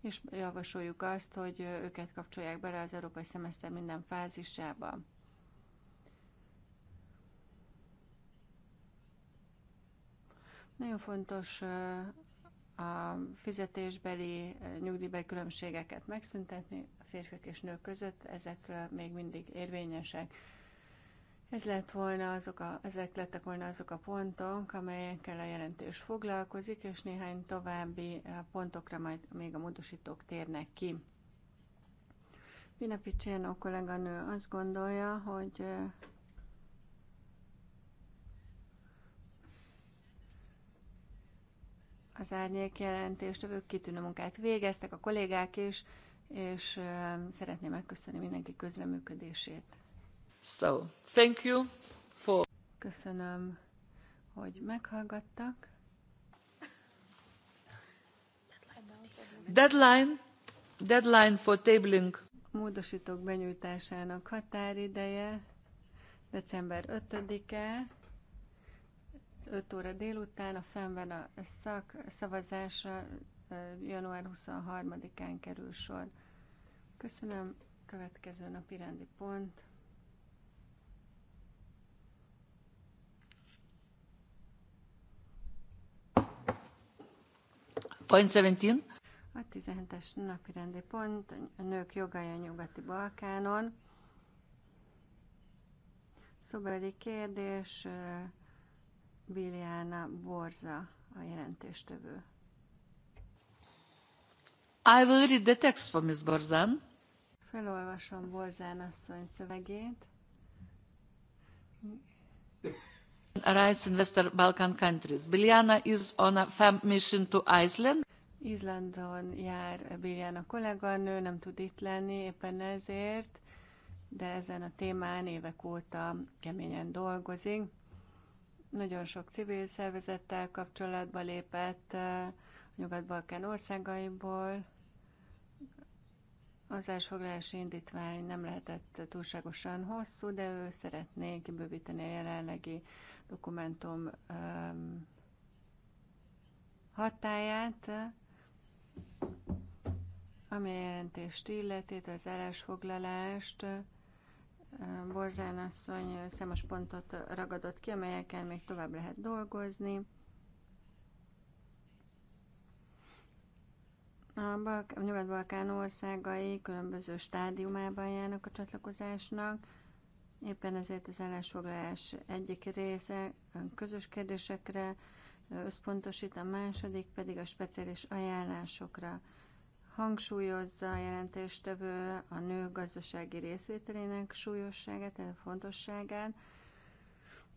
és javasoljuk azt, hogy őket kapcsolják bele az európai szemeszter minden fázisába. Nagyon fontos a fizetésbeli, eh, nyugdíjbeli különbségeket megszüntetni a férfiak és nők között, ezek eh, még mindig érvényesek. Ez lett volna azok a, ezek lettek volna azok a pontok, amelyekkel a jelentés foglalkozik, és néhány további eh, pontokra majd még a módosítók térnek ki. Pinapi Csernó kolléganő azt gondolja, hogy az árnyék jelentéstevők kitűnő munkát végeztek, a kollégák is, és szeretném megköszönni mindenki közreműködését. So, thank you for... Köszönöm, hogy meghallgattak. Deadline, deadline for tabling. Módosítók benyújtásának határideje december 5-e. 5 óra délután, a fennben a szak szavazása január 23-án kerül sor. Köszönöm, következő napi rendi pont. Point 17. A 17-es napi rendi pont a nők jogai a nyugati Balkánon. Szóbeli kérdés, Biliana Borza a jelentéstövő. I will read the text for Ms. Borzan. Felolvasom Borzán asszony szövegét. Rights in Western Balkan countries. Biljana is on a FAM mission to Iceland. Izlandon jár Biljana kolléganő, nem tud itt lenni, éppen ezért, de ezen a témán évek óta keményen dolgozik nagyon sok civil szervezettel kapcsolatba lépett eh, a Nyugat-Balkán országaiból. Az elsfoglalási indítvány nem lehetett túlságosan hosszú, de ő szeretné kibővíteni a jelenlegi dokumentum ehm, hatáját, ami a jelentést illeti, az állásfoglalást, foglalást, Borzán asszony számos pontot ragadott ki, amelyeken még tovább lehet dolgozni. A, a Nyugat-Balkán országai különböző stádiumában járnak a csatlakozásnak, éppen ezért az állásfoglalás egyik része közös kérdésekre összpontosít, a második pedig a speciális ajánlásokra hangsúlyozza a jelentéstevő a nők gazdasági részvételének súlyosságát, a fontosságát,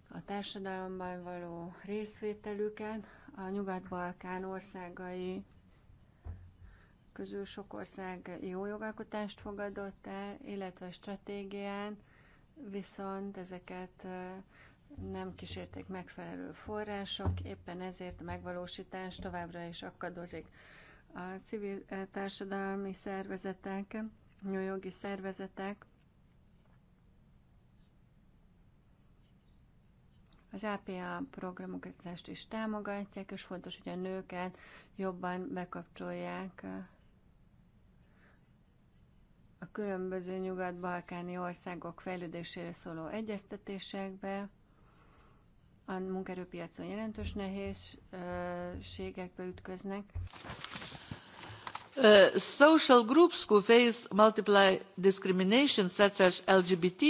a társadalomban való részvételüket, a Nyugat-Balkán országai közül sok ország jó jogalkotást fogadott el, illetve stratégián, viszont ezeket nem kísérték megfelelő források, éppen ezért a megvalósítás továbbra is akadozik a civil eh, társadalmi szervezetek, jogi szervezetek, Az APA programokat is támogatják, és fontos, hogy a nőket jobban bekapcsolják eh, a különböző nyugat-balkáni országok fejlődésére szóló egyeztetésekbe a munkerőpiacon jelentős nehézségekbe ütköznek. Uh, social groups who face multiple discrimination, such as LGBT,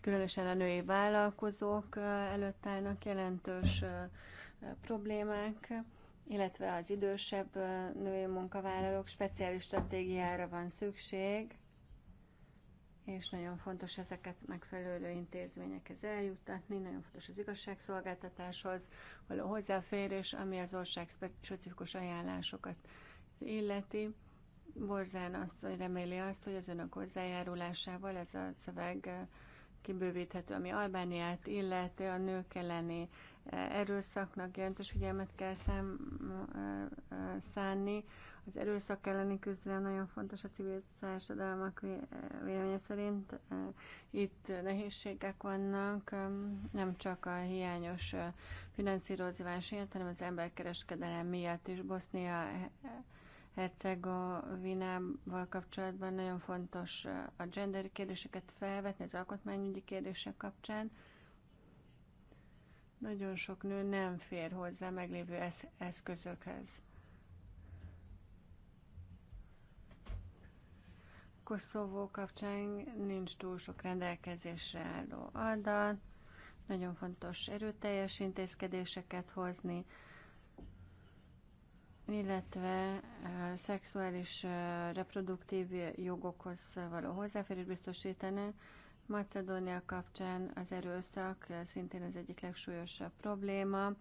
különösen a női vállalkozók uh, előtt állnak jelentős uh, problémák, illetve az idősebb uh, női munkavállalók speciális stratégiára van szükség és nagyon fontos ezeket megfelelő intézményekhez eljuttatni, nagyon fontos az igazságszolgáltatáshoz való hozzáférés, ami az ország specifikus ajánlásokat illeti. Borzán azt reméli azt, hogy az önök hozzájárulásával ez a szöveg eh, kibővíthető, ami Albániát illeti, a nők elleni erőszaknak jelentős figyelmet kell szám, szánni. Az erőszak elleni küzdelem nagyon fontos a civil társadalmak véleménye szerint. Itt nehézségek vannak, nem csak a hiányos finanszírozás miatt, hanem az emberkereskedelem miatt is. Bosznia Hercegovinával kapcsolatban nagyon fontos a gender kérdéseket felvetni az alkotmányügyi kérdések kapcsán nagyon sok nő nem fér hozzá meglévő eszközökhez. Koszovó kapcsán nincs túl sok rendelkezésre álló adat, nagyon fontos erőteljes intézkedéseket hozni, illetve a eh, szexuális eh, reproduktív jogokhoz való hozzáférés biztosítani, Macedónia kapcsán az erőszak eh, szintén az egyik legsúlyosabb probléma.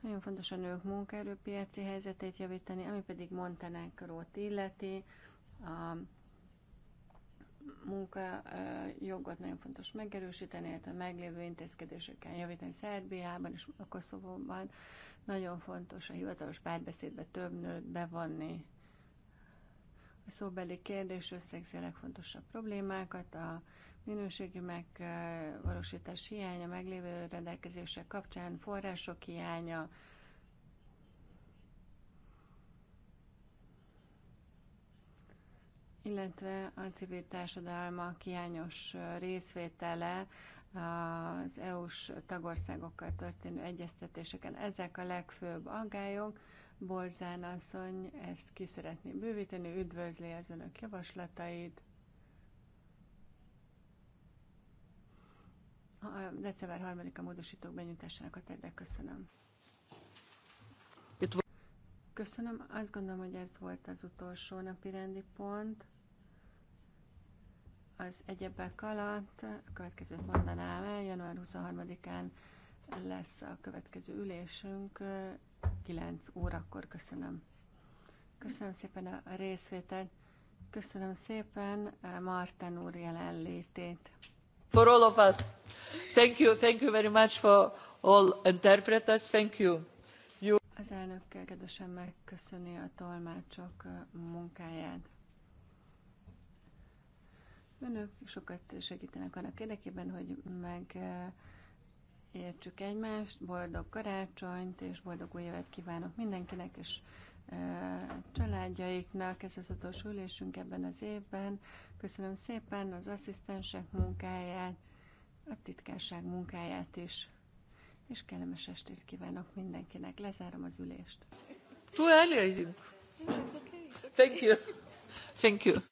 Nagyon fontos a nők munkaerőpiaci helyzetét javítani, ami pedig Montenegrót illeti. A munkajogot nagyon fontos megerősíteni, illetve a meglévő intézkedéseken javítani Szerbiában és a Koszovóban. Nagyon fontos a hivatalos párbeszédbe több nőt bevonni. A szóbeli kérdés összegzi a legfontosabb problémákat, a minőségi megvalósítás hiánya, meglévő rendelkezések kapcsán források hiánya, illetve a civil társadalmak hiányos részvétele az EU-s tagországokkal történő egyeztetéseken. Ezek a legfőbb aggályok. Borzán asszony ezt ki szeretné bővíteni, üdvözli az önök javaslatait. A december 3-a módosítók benyújtásának a terve. Köszönöm. Köszönöm. Azt gondolom, hogy ez volt az utolsó napi rendi pont. Az egyebek alatt a következőt mondanám el. Január 23-án lesz a következő ülésünk. 9 órakor. Köszönöm. Köszönöm szépen a részvételt. Köszönöm szépen eh, Marten úr jelenlétét. For all of us. Thank you, thank you very much for all interpreters. Thank you. you... Az elnökkel kedvesen megköszöni a tolmácsok eh, munkáját. Önök sokat segítenek annak érdekében, hogy meg eh, értsük egymást, boldog karácsonyt és boldog új évet kívánok mindenkinek és e, családjaiknak. Ez az utolsó ülésünk ebben az évben. Köszönöm szépen az asszisztensek munkáját, a titkárság munkáját is, és kellemes estét kívánok mindenkinek. Lezárom az ülést. Túl early, Thank you. Thank you.